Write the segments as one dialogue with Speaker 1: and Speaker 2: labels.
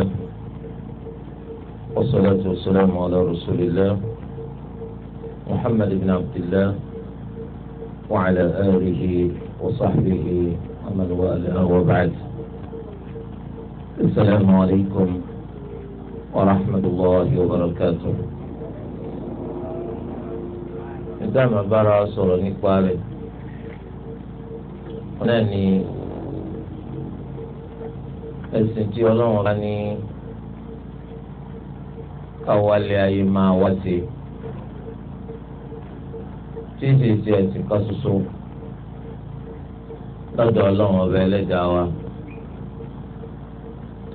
Speaker 1: الله والصلاة والسلام على رسول الله محمد بن عبد الله وعلى آله وصحبه ومن والاه وبعد السلام عليكم ورحمة الله وبركاته ìdáhùn abára sọ̀rọ̀ nípa rẹ̀ ni ẹ̀sìn tí ọlọ́run bá ní káwálé ayé máa wá sí tí ìṣe ti ẹ̀sìn kan ṣoṣo lọ́dọ̀ ọlọ́run ọba ẹlẹ́dàá wa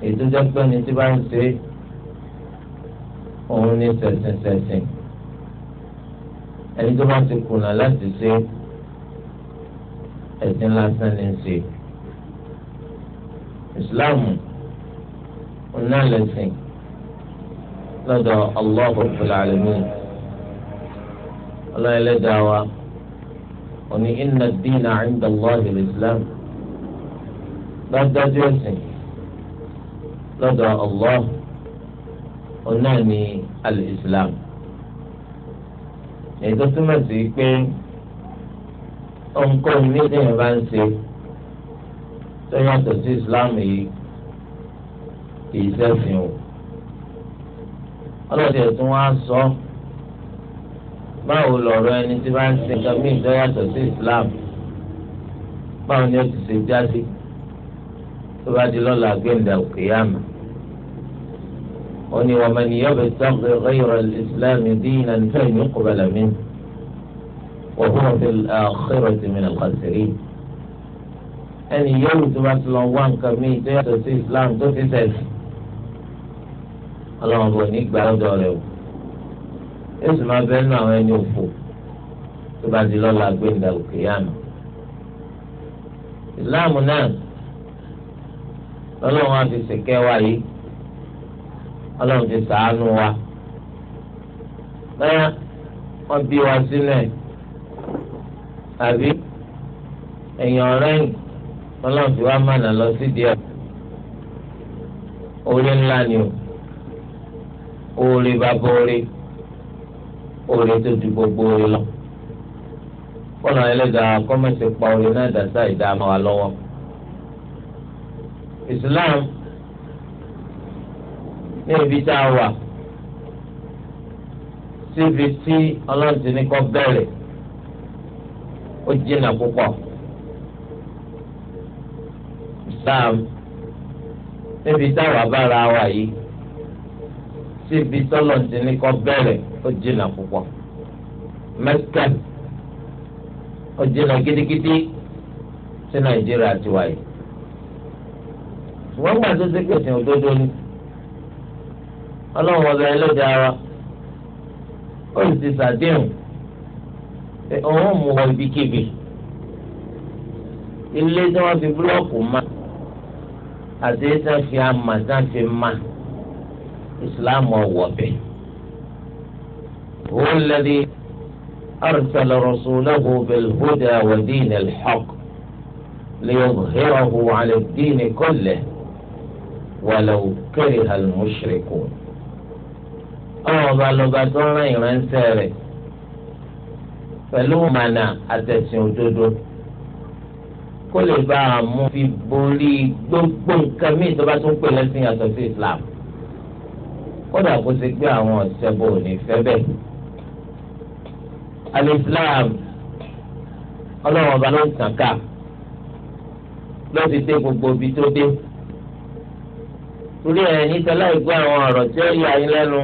Speaker 1: ètò pé ní tí bá ń ṣe òun ní sẹ̀sìnsẹ̀sìn ẹni tó bá ti kùnà láti ṣe ẹ̀sìn lásán ní ṣe ìsìláàmù ọ̀nà lẹ́sìn lọ́dọ̀ Allahu Rabbil Alamin ọlọ́run ẹlẹ́dàá wa òní inna dínà inda Allahi al-Islam dájúdájú ẹ̀sìn lọ́dọ̀ Allah ọ̀nà ní al-Islam èyí tó túmọ̀ sí pé ohunkóhun ní ìdíyẹn bá ń ṣe tó yàtọ̀ sí islam yìí kì í ṣẹ̀sìn o ọlọ́dẹ tí wọ́n á sọ báwo lọ̀rọ̀ ẹni tí bá ń sin nǹkan míì tó sí islam báwo ni ó ti ṣe jáde tó bá di lọ́la gbẹ̀ǹdà òkè yàmà ó ní wa man yabtaghi ghayra al-islam dinan falan yuqbala minhu wa huwa fil akhirati mina al-khasirin. ẹni yóò tó bá ti lọ wá nǹkan islam tó fi sẹ̀sì ọlọ́run bò ní gbà rẹ̀ o yóò sì máa bẹ́ẹ̀ nù àwọn ẹni òfò tó bá di lọ́la islam náà ọlọ́run á fi ṣèkẹ́ wa yìí ọlọ́run wa bẹ́ẹ̀ wọ́n bí wa sílẹ̀ ọlọ́run ti wá mànà lọ sí díẹ̀ orí ńlá ni o orí bàbá orí orí tó ju gbogbo orí lọ kọ́nà ẹlẹ́dàá kọ́mẹ̀sì pa orí náà dàsá ìdáàmú wa lọ́wọ́ Islam ní ibi tá a wà síbi tí ọlọ́run ti ní kọ́ bẹ̀rẹ̀ ó jìnnà púpọ̀. Islam níbi táwa bára wa yìí síbi tọ́lọ̀ kọ́ bẹ̀rẹ̀ ó jìnnà púpọ̀ ó jìnnà gidigidi sí Nàìjíríà tiwa yìí wọ́n gbà tó ṣe pé òdodo ni ọlọ́run ẹlẹ́dẹ̀ ara ó sì ti ṣàdéhùn òun mú wọ ibikíbi ilé tí wọ́n fi àtẹ̀yẹsẹ̀ fi ama amazan fi ma islam ọ̀wọ̀ bẹ̀. هو الذي أرسل رسوله بالهدى ودين الحق ليظهره على الدين كله ولو كره المشركون ọ̀rọ̀ ọba lọba tó ń rán ń sẹrẹ pẹ̀lú mànà àtẹ̀sìn òdodo. kó lè bá a mú fi borí gbogbo nǹkan míì tó bá tún pè lẹ́sìn yàtọ̀ sí Islam kódà kó ṣe pé àwọn ọ̀sẹ̀bọ ò ní fẹ́ bẹ́ẹ̀. Al-Islam ọlọ́run ọba ló ń tàn ká ló ti dé gbogbo ibi tó dé torí ẹ̀ níta láì gbọ́ àwọn ọ̀rọ̀ tí ó yà yín lẹ́nu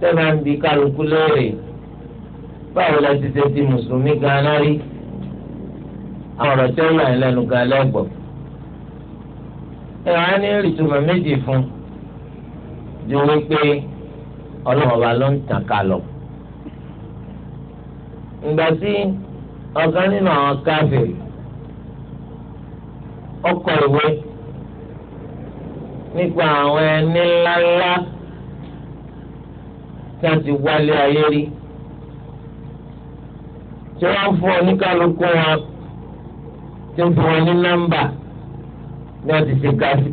Speaker 1: tẹ́ ń bi kálukú lóore báwo la ti ṣe di mùsùlùmí gan-an rí. àwọn ọ̀rọ̀ tí ó yà ń lẹ́nu gan ẹ wá ní ìrìtúmọ̀ méjì fún ju wípé ọlọ́run ló ń ìgbà tí nínú àwọn káfíìrì ọkọ ìwé nípa àwọn ẹni ńláńlá tí wọ́n ti wálé ayé rí tí wọ́n fún tí ń fún wọn ní nọ́mbà ní ọtí ṣe gáàsì.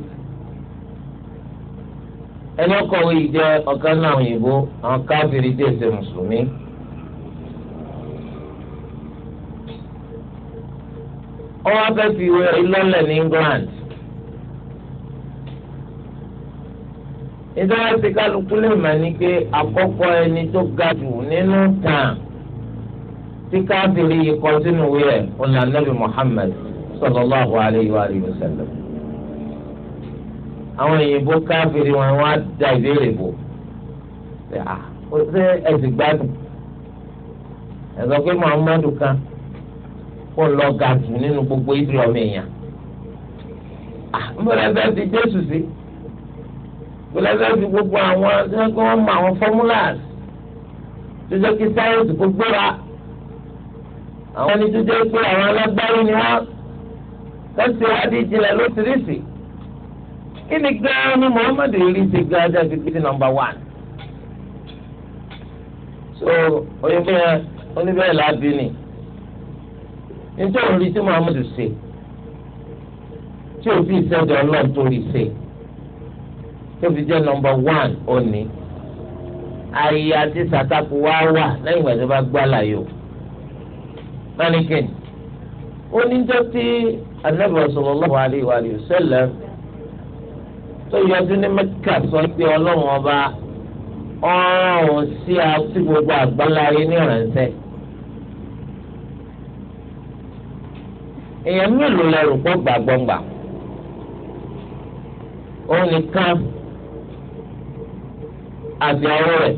Speaker 1: ẹni ọkọ̀wé yìí jẹ́ ọ̀kan náà òyìnbó àwọn káfíìrì jẹ́ ẹsẹ̀ mùsùlùmí. ọwọ́ fẹ́ fi ìwé rẹ̀ lọ́lẹ̀ ní England. nítorí ti kálukú lè mà ní pé àkọ́kọ́ ẹni tó ga jù nínú tàn tí káfíìrì yìí kọ sínú ìwé rẹ̀ ọ̀nà nàbì Muhammad sallallahu alayhi wa alihi wa sallam. àwọn òyìnbó káfíìrì wọn wá da ìbéèrè bò ṣé ẹ ti gbádùn ẹ sọ pé muhammadu kan kó lọ ga jù nínú gbogbo ìdílé ọmọ èèyàn mbọlẹsẹ ti jésù sí mbọlẹsẹ ti gbogbo àwọn ẹgbẹ́ wọn mọ àwọn formulas tó kí sáyẹnsì kó gbéra àwọn ẹni pé àwọn alágbárí ni wọn wọ́n ti wádìí jinlẹ̀ lóṣìṣì kí ni gan ni Muhammad rí ti gan ajá ti gbé nọ́mbà wán. so oyinbo yẹn oníbẹ̀rẹ̀ lábí ni nítorí orí tí Muhammad ṣe tí òfin ìṣẹ́jọ́ náà torí ṣe tí òfin jẹ́ nọ́mbà wán òní ayé àti sàtàkù wá wà lẹ́yìn ìgbà tí wọ́n bá gbá láyò. mannequin oníjọ́ tí anabi sallallahu alayhi wa sallam tó yọjú ní mẹ́kà sọ pé ọlọ́run ọba ọ̀ràn òun sí àti gbogbo àgbáláyé ní ìrànṣẹ́. èèyàn mélòó lẹ́rù pọ̀ gbàgbọ́ngbà òun nìkan àti ọwọ́ rẹ̀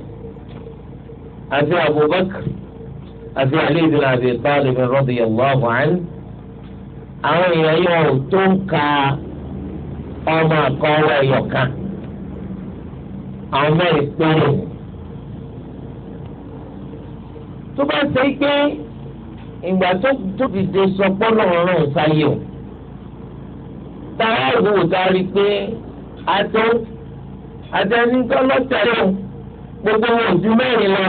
Speaker 1: àti Abubakar àti Ali ibn Abi Talib radiyallahu anhu àwọn èèyàn yìí wọn ò tó ń ka ọmọ àkọọ́wọ́ ẹ̀yọ̀ kan àwọn mẹ́rin péré tó bá ṣe pé ìgbà tó dìde sọ pọ́nlọ́ ọ̀run ṣayé o táwọn ìwò darí pé ató àtẹnudọ́ lọ́tẹ̀lẹ́ o gbogbo wọn ju mẹ́rin lọ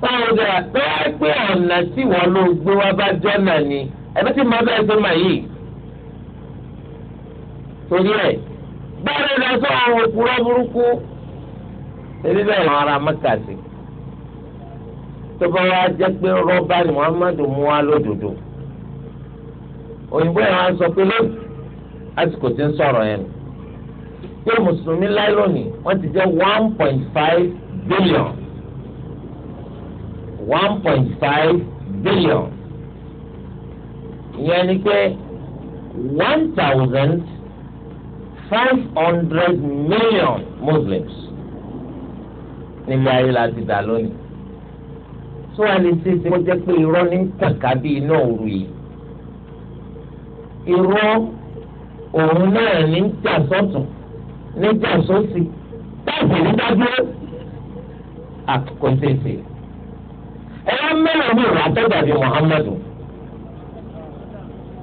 Speaker 1: táwọn ọ̀dà tó wá pé ọ̀nà tí wọ́n ló gbé wá bá jọ́nà ni ẹbí tí mo bẹ́ẹ̀ sọ màá yìí torí ẹ̀ bẹ́ẹ̀ lọ sọ àwọn òkúrọ̀ burúkú ebi bẹ́ẹ̀ lọ́wọ́ ara mẹ́kàsì tó bá wá jẹ́ pé rọ́bà ni Muhammadu mú wa lódodo òyìnbó yẹn wá sọ pé lónìí àsìkò tí ń sọ̀rọ̀ yẹn nù pé mùsùlùmí láì lónìí wọ́n ti jẹ́ one point five billion one point five billion ìyẹn ni pé one thousand five hundred million muslims nílé ayé la ti dà lónìí tó wà lè ṣe ṣe kó jẹ́ pé irọ́ ní kàkà bí iná òru yìí irọ́ òun náà ní jà sọ́tún ní jà sósì táàbù nígbàdúró àkókò ṣèṣe ẹ mẹ́rin ní ìwà tó dàbí Muhammadu.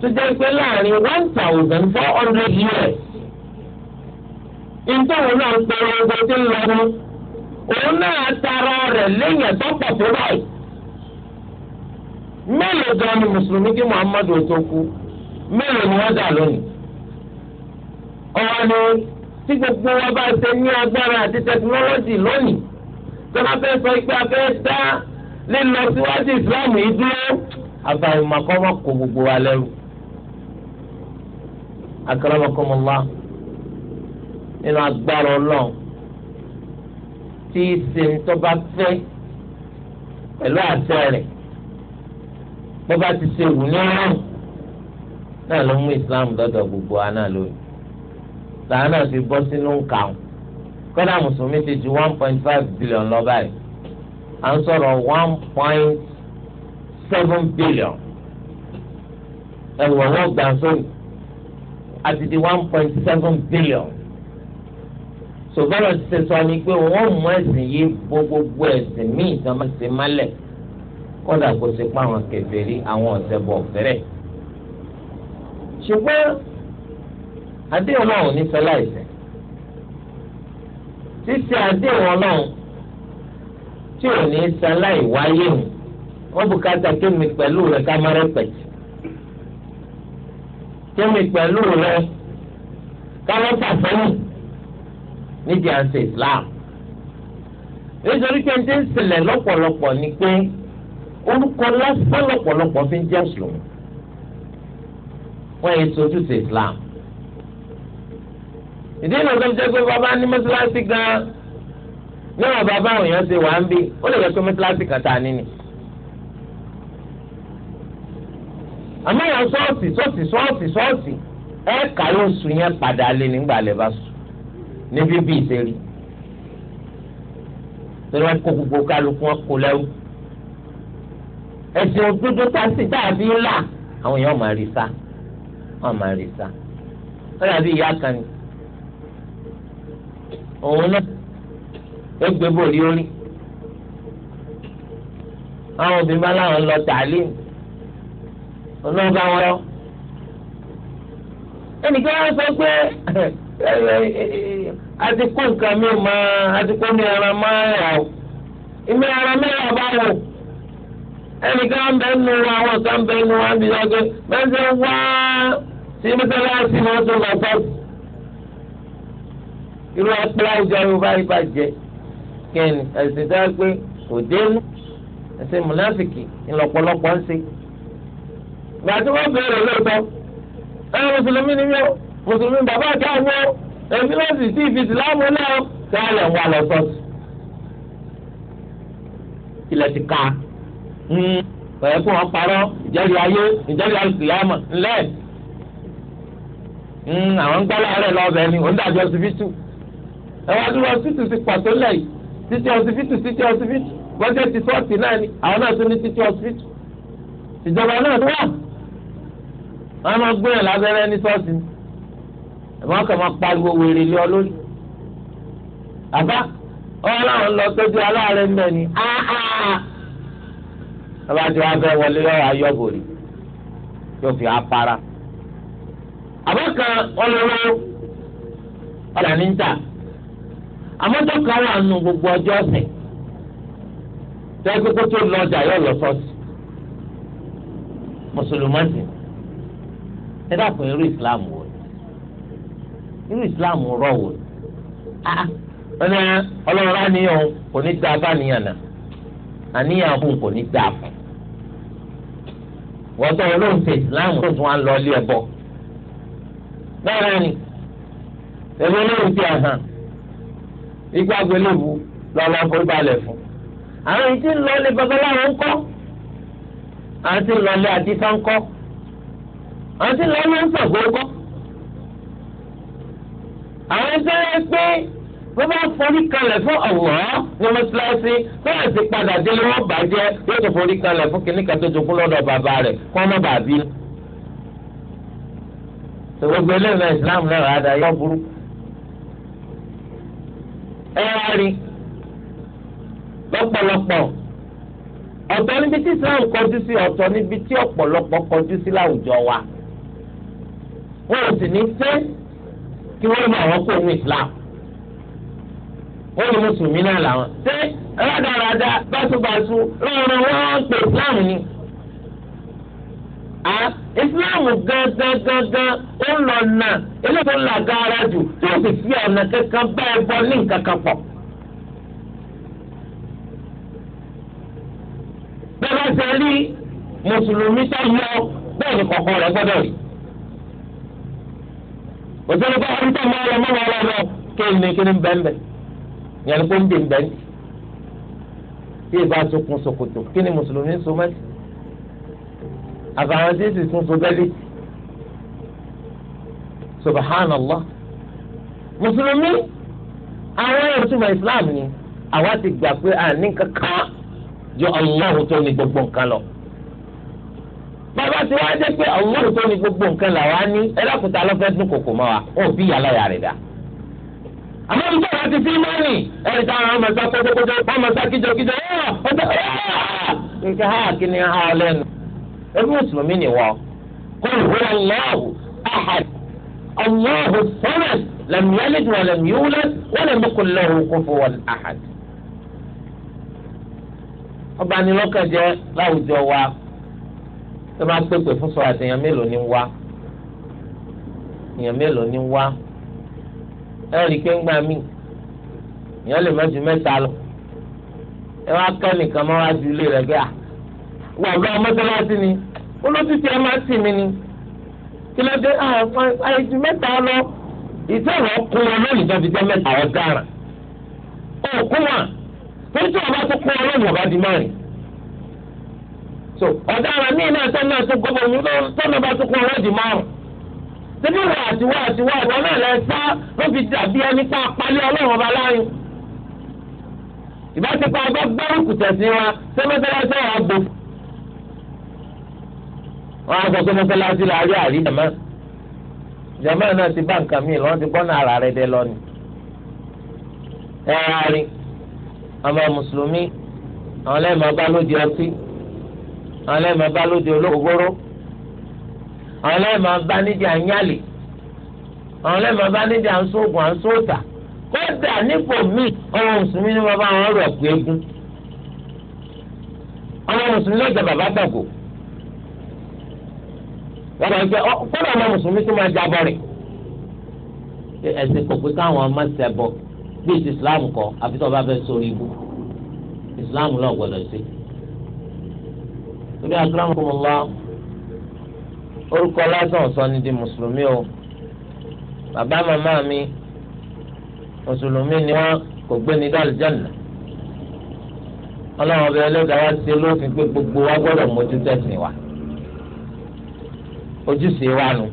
Speaker 1: tó jẹ́ pé láàrin one thousand four hundred years nítorí náà ń pẹ̀lú ọgbẹ́ tó ń lọ́wọ́ òun náà tara rẹ̀ lẹ́yìn ẹ̀tọ́ tó báyìí. mélòó gan ni mùsùlùmí kí muhammadu tó kú mélòó ni wọ́n dà lónìí. ọ̀rọ̀ ni tí gbogbo wa bá ṣe ní agbára àti tẹkinọ́lọ́jì lónìí tó bá fẹ́ sọ pé a fẹ́ dá lílọ síwájú ìsìláàmù yìí dúró kò gbogbo wa lẹ́rù. akramakumullah nínú agbára Ọlọ́run tí í ṣe ń tó bá fẹ́ ti ṣe wù ní ọrùn náà ló mú islam dọ́dọ̀ gbogbo wa náà lónìí làwọn náà fi bọ́ sínú nǹka wọn kọ́dà mùsùlùmí ti ju one point five billion lọ báyìí à ń sọ̀rọ̀ one point seven billion ẹ̀wọ̀n wọn gbà sóyè àti di one point seven billion sọfọlọ ti sọ ni pé wọn mú ẹsìn yìí gbogbogbò ẹsìn míì tán máa ṣe málẹ̀ kódà kó ṣe pa àwọn kèfèrí àwọn ọ̀sẹ̀ bọ̀ fẹ́rẹ̀ ṣùgbọ́n àdéhùn náà ò ní fẹ́ láìsẹ̀ ṣíṣe àdéhùn ọlọ́run tí ò ní sẹ láì wáyé hù wọ́n bùkátà kémi pẹ̀lú rẹ̀ ká má rẹpẹ̀tì jẹ́mi pẹ̀lú rẹ kálọ́tà sẹ́yìn níbi à ń ṣe Islam nítorí pé ń ti ń ṣẹlẹ̀ lọ́pọ̀lọpọ̀ ni pé orúkọ lásán lọ́pọ̀lọpọ̀ fi ń jẹ́ sùn wọ́n yẹ sojú sí Islam ìdí ìlú ọ̀sán jẹ́ pé bàbá ní mọ́sálásí gan-an níwọ̀n bàbá òyìn ṣe wà ń bí ó lè yẹ pé mọ́sálásí kan tá a níní. àmọ́ yàn sọ́ọ̀sì sọ́ọ̀sì sọ́ọ̀sì sọ́ọ̀sì ẹ kà ló sùn yẹn padà lé nígbà lè bá sùn níbi bí ìṣeré torí wọn kó gbogbo kálukú wọn kó lẹ́wọ́ ẹ̀sìn òdodo tàbí tàbí ńlá àwọn èèyàn máa rí sá wọn máa rí sá wọn dàbí ìyá kan ni òun náà égbé bòrí orí àwọn obìnrin bá láwọn lọ tàlímù ọ̀nà bá wọn lọ. ẹnìkan á sọ pé àti kó nǹkan mi mọ àti kó mi ara máa rà o ìmí ara mẹ́wàá bá wò ẹnìkan ń bẹ nu àwọn kan ń bẹ nu wọn bí wọn gbé bẹ́ẹ̀ ṣe ń wá sí mọ́tàláṣí wọn tó lọ sọ́ọ̀tù. irú ọpẹ́ àwùjọ yorùbá yìí bá jẹ kí ni ẹ̀sìn dáa pé kò dénú ẹ̀sìn mùnáfìkì ńlọ́pọ̀lọpọ̀ ń ṣe gbàtí wọ́n bẹ̀rẹ̀ lóòótọ́ ẹ mùsùlùmí ni mí o mùsùlùmí bàbá àti àwọn èmi náà sì sí ìfìsì láàmú náà kí wọ́n lè wà lọ sọ́ọ̀sì. ilẹ̀ ti ka ọ̀yẹ́ kó wọn parọ́ ìjẹ́rìí ayé ìjẹ́rìí alùpùpù ńlẹ̀ hmm, àwọn ń gbọ́ láàárẹ̀ lọ́ọ̀bẹ ni òun dàbí ọsibítù ẹ wá dúró ọsibítù ti pàtó lẹ́yìn títí ọsibítù títí ọsibítù bọ́jẹ́ ti sọ́ọ̀tì náà ni àwọn náà tún ní títí ọsibítù ìjọba náà tó wà wọn máa gbóyàn lábẹ́rẹ́ ní ṣọ́ọ̀ṣì ẹ̀wọ̀n kan máa pariwo wèrè lé ọ lórí. àbá ọlọ́run lọ tọ́jú aláàárẹ̀ ń bẹ̀ ni ọba tí wọ́n fẹ́ wọlé yọ ayọ́bòrì yóò fi apara. àbá kan ọlọ́wọ́ ọ̀dà ní ta àmọ́tọ́ kan wà nù gbogbo ọjọ́ ọ̀sẹ̀ tẹ́ kókó tó lọ ọjà yóò lọ ṣọ́ọ̀ṣì mùsùlùmọ́sì. ẹ dàpọ̀ irú islam wò ni irú islam rọ̀ wò ni ọ̀nà ah, ah. ọlọ́run àníyàn kò ní dáa baniyana, níyàn fún kò ní dáa fún wọ́n tọ́ olóhùn islam tó tún wá lọ ilé ẹ̀bọ bẹ́ẹ̀ ni ẹ̀rọ olóhùn ti hàn igbá gbẹlẹ́bu lọ́la forí balẹ̀ fún àwọn ìdí ńlọ babaláwo àti ńlọ àdìsá àwọn tí lọ́wọ́ ń sọ̀ gbogbo. àwọn tí wọ́n pé wọ́n bá forí kalẹ̀ fún àwòrán ní mọ́ṣáláṣí tó yẹ ti padà délé wọ́n bàjẹ́ yóò tó forí kalẹ̀ fún kìnnìkan tó jogún lọ́dọ̀ bàbá rẹ̀ kó ọmọ bàbí. gbogbo eléyìí Islam náà rà dá yọ burú. ẹ wá rí lọ́pọ̀lọpọ̀ ọ̀tọ̀ níbi tí Islam kọjú sí ọ̀tọ̀ níbi tí ọ̀pọ̀lọpọ̀ kọjú sí láwùjọ wa wọn ò sì ní fẹ́ kí wọ́n mọ àwọn kò ní Islam wọ́n ní mùsùlùmí náà làwọn ṣé rádaràda báṣubàṣu lọ́rọ̀ wọ́n ń pè Islam ni. a Islam gangan gangan ó lọ nà eléyìí ńlá gaara jù tí ó sì fi ọ̀nà kankan bẹ́ẹ̀ bọ́ ní nǹkan kan pọ̀. bẹ́ẹ̀ bá ṣe rí mùsùlùmí tó yọ bẹ́ẹ̀ ni kọ̀ọ̀kan rẹ̀ gbọ́dọ̀ rí òṣèlú bá ń tẹ̀ mọ́ ọ mọ́ ọ lọ kéwì ní kíni bẹ́ẹ̀nbẹ́ẹ́ yẹn ni kó ń dè ń bẹ́ẹ̀ tí ì bá sokun ṣòkòtò kíni mùsùlùmí so mẹ́tì àfàwọn tí sì tún so bẹ́ẹ̀lì subhanallah mùsùlùmí àwọn ẹ̀rọ túmọ̀ islam ni àwa ti gbà pé àní kankan yọ ọlọ́run tó ní gbogbo nǹkan lọ bàbá tí wàá jẹ́ pé àwọn olùkọ́ ni gbogbo nǹkan là wá ní ẹlẹ́kùtà lọ́fẹ́ dún kòkò mọ́ wa ó bí ìyá láyà rẹ̀ dá. àmọ́ nígbà wọn ti fi mọ́ọ̀nì ẹ̀rì táwọn ọmọ sá kójókójó ọmọ sá kíjokíjo nǹkan ha kí ni ha ọ lẹ́nu. ẹbí mùsùlùmí ni wọ́n qul huwallahu ahad allahu samad lam yalid wa tó bá pèpè fún sọ àti èèyàn mélòó ni wá èèyàn mélòó ni wá ẹ rí i pé ń gbà mí èèyàn lè má ju mẹ́ta lọ ẹ wá kẹ́ nìkan máa wá ju ilé rẹ̀ gbé à
Speaker 2: wọ́n lọ mọ́tọ́lásí
Speaker 1: ni olótú tiẹ̀ máa sì mí ni kí ló dé àyè ju mẹ́ta lọ ìtẹ̀wọ̀ kún wọn lónìí tó fi jẹ́ mẹ́ta òkú wọn torí tí wọn bá tó kún wọn lónìí ọba di márùn so ọ̀daràn míì náà sọ́nà tó gbọ́dọ̀ mú lọ sọ́nà bá tó kún ọ̀rọ̀ di márùn. síbí wà àti wà àti wà ìwọ náà lẹ sá ló fi dàbí ẹni pa apalẹ́ ọlọ́run ọba láyún. ìbáṣepọ̀ ọgbọ́n gbárùkù tẹ̀sí wa ṣé mọ́sálásí ọ̀rọ̀ gbò. wọ́n á sọ pé mọ́sálásí la rí àrí jàmá. jàmá náà ti bá nǹkan míì lọ́n ti gbọ́nà ara rẹ̀ dẹ lọ́ni. ẹ̀ẹ́rì ọmọ mùsùlùmí àwọn lẹ́ẹ̀mọ́ bá lóde ọtí àwọn ẹlẹ́mọ̀ bá lóde olóògbóró àwọn ẹlẹ́mọ̀ bá nídìí àyálè àwọn ẹlẹ́mọ̀ bá nídìí àǹsóògùn àǹsóòtà kódà nípò míì ọmọ mùsùlùmí ni bàbá àwọn ọ̀rọ̀ ẹ̀kú eégún ọmọ mùsùlùmí lọ́jà bàbá dàgò wọ́n máa ń jẹ́ kódà ọmọ mùsùlùmí tó máa jábọ̀ rẹ̀ ẹ̀sìn kò pé káwọn ọmọ ṣẹbọ bíi ti Islam kọ àfi tó bá fẹ́ sórí ibú Islam náà gbọ́dọ̀ sí torí akérèmọkùnmọlá orúkọ lásán ọ̀sán ni di mùsùlùmí o bàbá màmá mi mùsùlùmí ni wọn kò gbé ní dàlùjánà ọlọ́run ọbẹ̀ ẹlẹ́dàá wá sí olófin pé gbogbo wa gbọ́dọ̀ mójú tẹ̀sìn wa ojúṣe wa nu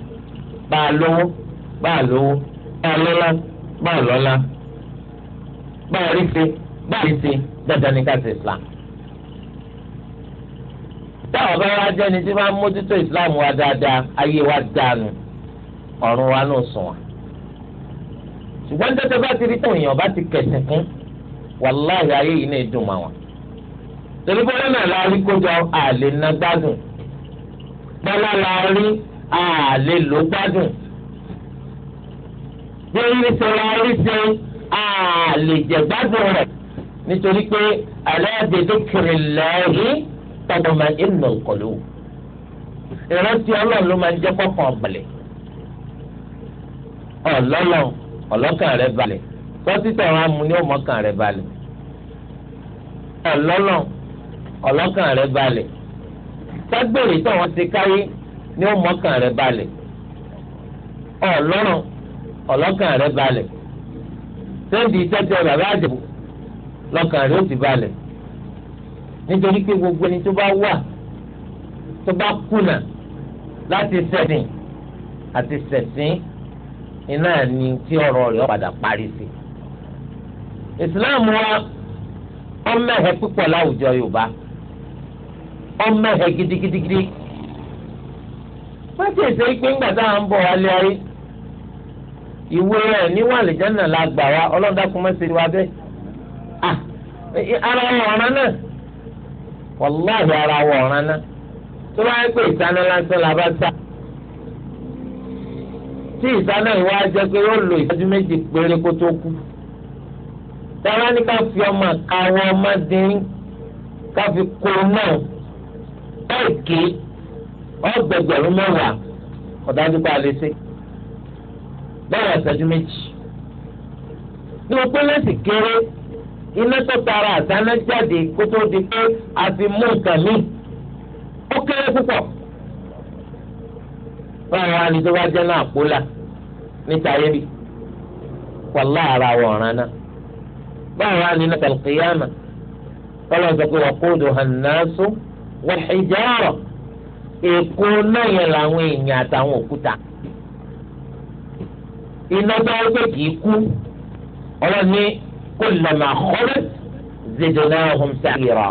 Speaker 1: bá a lówó bá a lówó bá a lọ́lá bá a lọ́lá bá a rí ṣe bá a rí ṣe dandan ní ká ṣe Islam táwọn bá wá jẹ́ni tí máa ń mójútó islam wa dáadáa ayé wa dànù ọ̀run wa náà sùn wà. ṣùgbọ́n tẹ́tẹ́ bá ti rí tó èèyàn bá ti kẹ̀sìn kún wàláhì ayé yìí náà dùn máa wà. torí bọ́lá náà la rí kójọ àlè ná gbádùn bọ́lá la rí àlè ló gbádùn bí orí ṣe la rí ṣe àlè jẹ gbádùn rẹ̀ nítorí pé àlẹ́ àdédékèrè lẹ́yìn tọ́gbọ́n máa ń nà kọ́lù ìrántí ọlọ́run ló máa ń jẹ́ kọ́kàn balẹ̀ ọlọ́lọ́ ọlọ́kàn rẹ̀ balẹ̀ sọ́títọ̀ ọ̀rọ̀ amú ni ọmọkàn rẹ̀ balẹ̀ ọlọ́lọ́ ọlọ́kàn rẹ̀ balẹ̀ sọ́gbèrè tó wọ́n ti káyé ni ọmọkàn rẹ̀ balẹ̀ ọlọ́run ọlọ́kàn rẹ̀ balẹ̀ sẹ́ńdì tẹ́tẹ́ bàbá àjẹbù lọ́kàn rẹ̀ ó ti balẹ̀ nítorí pé gbogbo ni tó bá wà tó bá kùnà láti sẹ̀sìn àti sẹ̀sìn iná ni tí ọ̀rọ̀ rẹ̀ padà parí sí. ìsìláàmù wa ọmọ ẹ̀hẹ́ púpọ̀ láwùjọ yorùbá ọmọ ẹ̀hẹ́ gidigidigidi wọ́n ti ṣe pé ńgbà tá à ń bọ̀ wálé ayé ìwé rẹ̀ níwọ̀n àlìjánà la gbà wá ọlọ́dàkùnmọ́sẹ̀ wa bẹ́ẹ̀ ah, ara ọ̀ràn náà wàláhì ara wọ̀ ọ̀ràn náà tó bá yẹ pé ìtaná lásán la bá sá tí ìtaná ìwà jẹ pé yóò lo ìtọ́jú méjì péré kó tó kú tọ́lá ní ká fi ọmọ àkàwọ́ ọmọdéyìn ká fi kó náà ẹ̀ẹ́kì ọgbẹgbẹ̀rún mẹ́wàá ọ̀dájú pa àlẹ́sẹ̀ bẹ́ẹ̀ ọ̀sẹ̀jú méjì ní o pé lẹ́sìn kéré. iná tó tara àdáná jáde kó tó di pé a fi mú nǹkan mí ó kéré púpọ̀ báwo wá ní tó bá jẹ́ náà àpólà níta yẹ́bi wàlá ara wọ̀ ọ̀ràn náà báwo wá ní náà kàlùkìyàmà kọ́lọ́ sọ pé wà èkó náà kullama khalat zidnahum sa'ira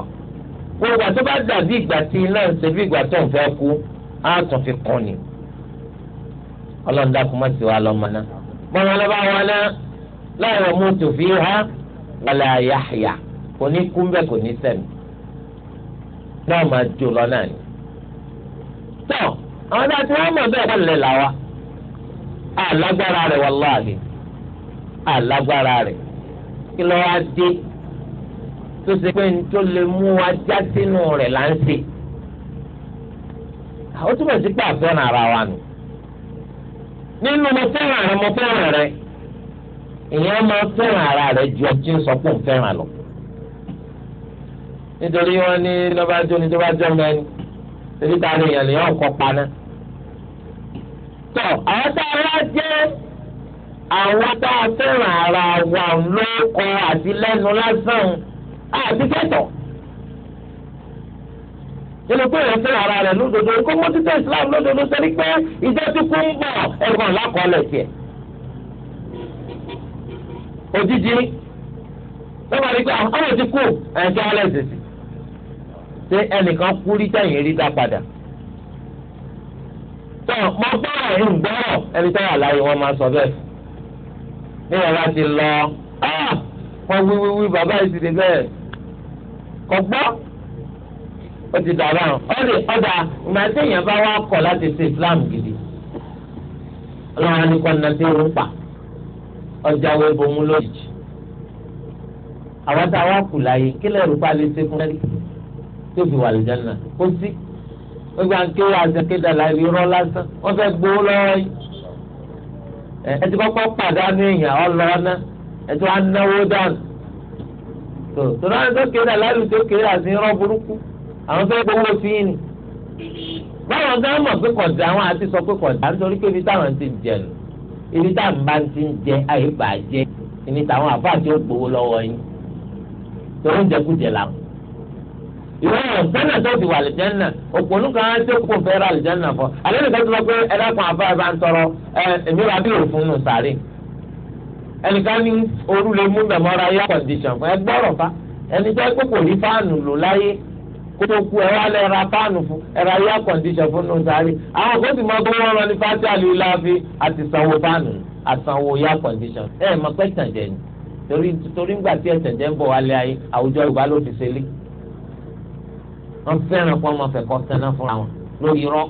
Speaker 1: gbogbo àti bá dàbí ìgbà tí iná ń ṣe bí ìgbà tó ń fẹ́ kú á tún fi kún ni ọlọ́run dákun má ti wá lọ́mọ náà bọ́lá ló bá wọn náà la yamutu fiha wala yahya kò ní kú bẹ́ẹ̀ kò ní sẹ́mi náà máa jó lọ náà ni. tọ́ àwọn dáa tí wọ́n mọ̀ bẹ́ẹ̀ wọ́n lè là wa alágbára rẹ̀ wallahi alágbára rẹ̀ kí lọ́ wá dé tó ṣe pé ní tó lè mú wa já sínú rẹ̀ là ń ṣe. ó túbọ̀ sí pé àfẹ́ràn ara wa nù. nínú mo fẹ́ràn rẹ mo fẹ́ràn rẹ ìyẹn máa fẹ́ràn ara rẹ ju ọtí ń sọ pé òun fẹ́ràn lọ. nítorí wọn ní lọ́bàjọ́ ní tó bá jọ mẹ́ni torí ni èèyàn lè yàn kọ́ paná. tọ́ àwọn tá a wá jẹ́ àwọn tá a fẹ́ràn ara wa lóko àti lẹ́nu lásán àti kẹtọ̀ nínú pé èèyàn fẹ́ràn ara rẹ̀ lódodo kó mú títẹ̀ Islam lódodo sẹ́ni pé ìjọ tó kú ń bọ̀ ẹ̀gbọ́n lákọọ́lẹ̀ tiẹ̀ òjijì lọ́wọ́ rí pé àwọn ah, ti kú ẹ̀ńtí alẹ́ sèse ṣé ẹnìkan kú rí tẹ̀yìn rí dá padà tọ́ mọ gbọ́rọ̀ ń gbọ́rọ̀ ẹni tẹ́wà láyé wọn máa sọ bẹ́ẹ̀ fún bí wọn bá ti lọ ah, wọn wí wí wí bàbá yìí ti di bẹ́ẹ̀ kọ gbọ́ ó ti dàbà ọdẹ ọdà ìgbà tí èèyàn bá wá kọ̀ láti ṣe Islam gidi Ọlọ́run anìkọ nàdé ń pa ọjà wo ebomú lójijì àwọn tá a wá kù láàyè kí lè rúpa lè ṣe fún ẹrí tó fi wà lìjánà kó sí gbogbo àǹkéwà àṣẹkédà láàbí rọ lásán wọ́n fẹ́ gbowó lọ́wọ́ yìí ẹ ti kọ́kọ́ pàdánù èèyàn ọlọ́ọ̀nà ẹ ti wá náwó dànù tó tó náà tó kéré aláìlú tó kéré àti irọ́ burúkú àwọn fẹ́ gbowó sí yìí ni báwọn gán mọ̀ pé kọ̀dà àwọn àti sọ pé kọ̀dà nítorí pé ibi táwọn ti jẹ nù ibi táwọn bá ti ń jẹ àyè bàjẹ́ ìní táwọn àbá àti ó gbowó lọ́wọ́ yín tó ń jẹkújẹ làwọn ìwé yẹn sẹ́nà tó ti wà àlìjẹ́nà òpònú kan á ti kó fẹ́ ra àlìjẹ́nà fún alẹ́ nìkan tó lọ pé ẹ dákun àbá ẹ bá ń tọrọ ẹ èmi rà bí òfin nù sàárè ẹnìkan ní ooru lè mú mẹ́mọ́ra yá kọ̀ǹdíṣàn fún ẹ gbọ́rọ̀ fa ẹni tó kó kò rí fáànù lò láyé kó tó ku ẹ wá lẹ ra fáànù fún ẹ ra yá fún nù sàárè àwọn kó sì mọ bó wọn rán ní fásitì àlè láàfi àti sanwó fáànù àsanwó yá kọ̀ǹdíṣàn ẹ mọ pẹ́ tàn ni torí torí ńgbà tí ẹ tàn ń bọ̀ wálé ayé àwùjọ Yorùbá ló fi ṣe lé wọ́n fẹ́ràn kó ọmọ fẹ́ kọ́ sẹ́nà fúnra wọn lórí irọ́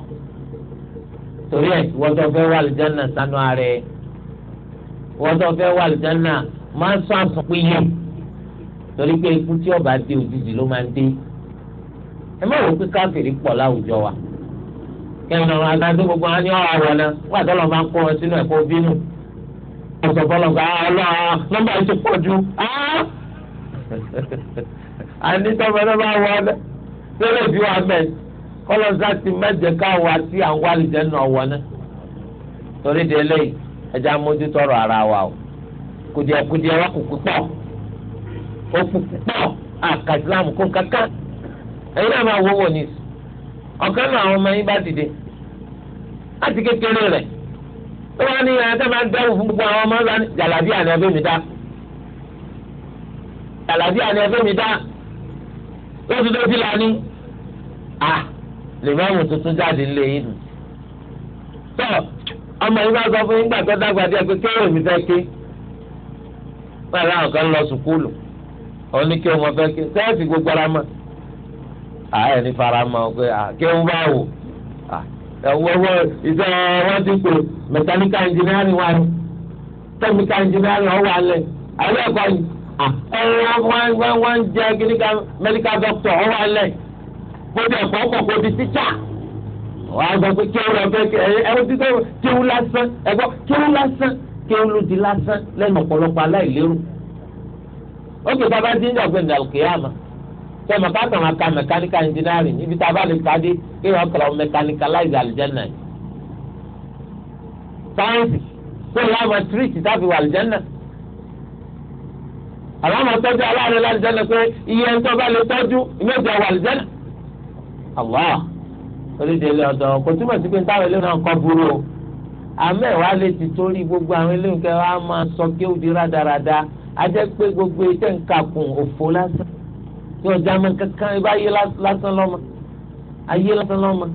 Speaker 1: torí ẹ̀ wọ́jọ́ fẹ́ wà lìjánà sanu ààrẹ wọ́jọ́ fẹ́ wà lìjánà máa ń sọ àsùnpín yẹn torí pé ikú tí ọba dé òjijì ló máa ń dé ẹ má wò ó pé káfíìrì pọ̀ láwùjọ wa kẹ́hìn ọ̀rọ̀ adájọ́ gbogbo wọn ní ọ̀rọ̀ àwọ̀ náà wà tọ́lọ̀ máa ń kó wọn sínú ẹ̀kọ́ bínú ọ̀sọ̀ gba ọlọ́ọ̀ nọ́mbà yìí ti pọ̀ ju. Ah! a ní sọ́mọdé bá wọ ọ tẹ́lẹ̀ bí wàá bẹ̀ kọ́lọ́sá ti mẹ́jẹ káwa tí à ń wá lìjẹ́ torí de eléyìí ẹja ọrọ ara wa o kùdìẹ̀kùdìẹ̀ wa kù púpọ̀ ó kún kankan ẹ̀yin náà máa wọ́wọ́ ní ìsù náà àwọn ọmọ yín bá dìde láti kékeré ó ní ìyàrá a máa ń fún gbogbo ó ti dọ́tí lani à lè má mú tuntun jáde lé yín nù. tọ́ ọmọ yín bá sọ fún yín gbàgbọ́ dàgbà díẹ̀ pé kéwòn mi fẹ́ ké wọ́n àlọ́ àwọn kan lọ sùkúlù òun ní kéwòn mọ́ fẹ́ ké sẹ́ẹ̀sì gbogbo ara mọ́ ààyè ní farama ọ pé kéwòn bá wò ẹ̀wọ́wọ́ iṣẹ́ wọn ti pè mẹkáníkà ẹnjìnírì wa ni tẹ́míkà ẹnjìnírì ọ̀ wà lẹ̀ ẹ̀kọ́ yìí wọ́n wọ́n wọ́n ń jẹ́ gíníkà medical doctor ọ̀rọ̀ alẹ̀ kódì ẹ̀kọ́ ọkọ̀ kódì tíṣà wọ́n á sọ pé kéwù lọ́fẹ́ ẹ̀rọ ti sọ kéwù lásán ẹ̀kọ́ kéwù lásán kéwù ló di lásán lẹ́nu ọ̀pọ̀lọpọ̀ aláìlérò ó kì í sábà dín ní ọ̀gbìn nàìjíríà sẹ́mi ká tàn án ka mẹkáníkà ẹnjìnírì níbi tá a bá lè kadé kí wọ́n kọ̀ mẹkáníkà láìsí àlìjẹ́nà yìí sáyẹ́nsì tó láwọn tírìtì táfi wà àlìjẹ́nà yìí àwọn ọmọ tọ́jú aláàrẹ lálùjẹ́nà pé iye ń tọ́ba lè tọ́jú ìmọ̀jọ wà lùjẹ́nà. Allah oríṣiríṣi ọ̀dọ̀ kò túmọ̀ sí pé táwọn eléyìí náà kọ́ burú o àmọ́ ìwà lè ti torí gbogbo àwọn eléyìí kẹ́ wàá máa sọ kí ó di rádaràda á jẹ́ pé gbogbo iṣẹ́ ń kàkùn òfo lásán tí ọjà máa kankan ibà yé lásán lọ́mọ ayé lásán lọ́mọ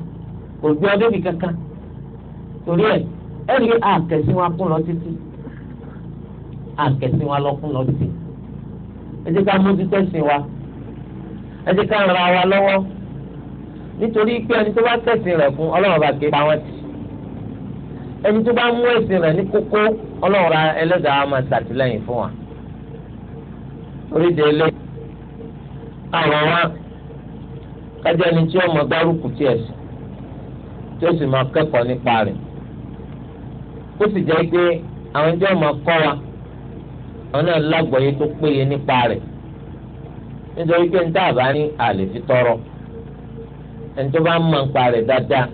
Speaker 1: kò gbé ọdún mi kankan torí ẹ ẹ̀rí àkẹ́sí wa kún lọ títí àkẹ́sí wa lọ kún lọ títí ẹ jẹ́ ká mójútó ẹ̀sìn wa ẹ jẹ́ ká ra wa lọ́wọ́ nítorí pé ẹni tó bá tẹ̀sìn rẹ̀ fún ọlọ́run bá ké pa wọ́n tì ẹni tó bá mú ẹ̀sìn rẹ̀ ní kókó ọlọ́run ẹlẹ́dàá á máa ṣàtìlẹ́yìn fún wa oríṣi ilé àwọn wa kájá ni tí ọmọ gbárùkù tí ẹ̀sìn tí ó sì máa kẹ́kọ̀ọ́ nípa rẹ̀ ó sì jẹ́ pé àwọn ẹjọ́ máa kọ́ wa àwọn náà lágbọ̀ọ́yé tó péye nípa rẹ̀ nítorí pé níta àbá ní àlè fi tọrọ ẹni tó bá ń mọ̀ nípa rẹ̀ dáadáa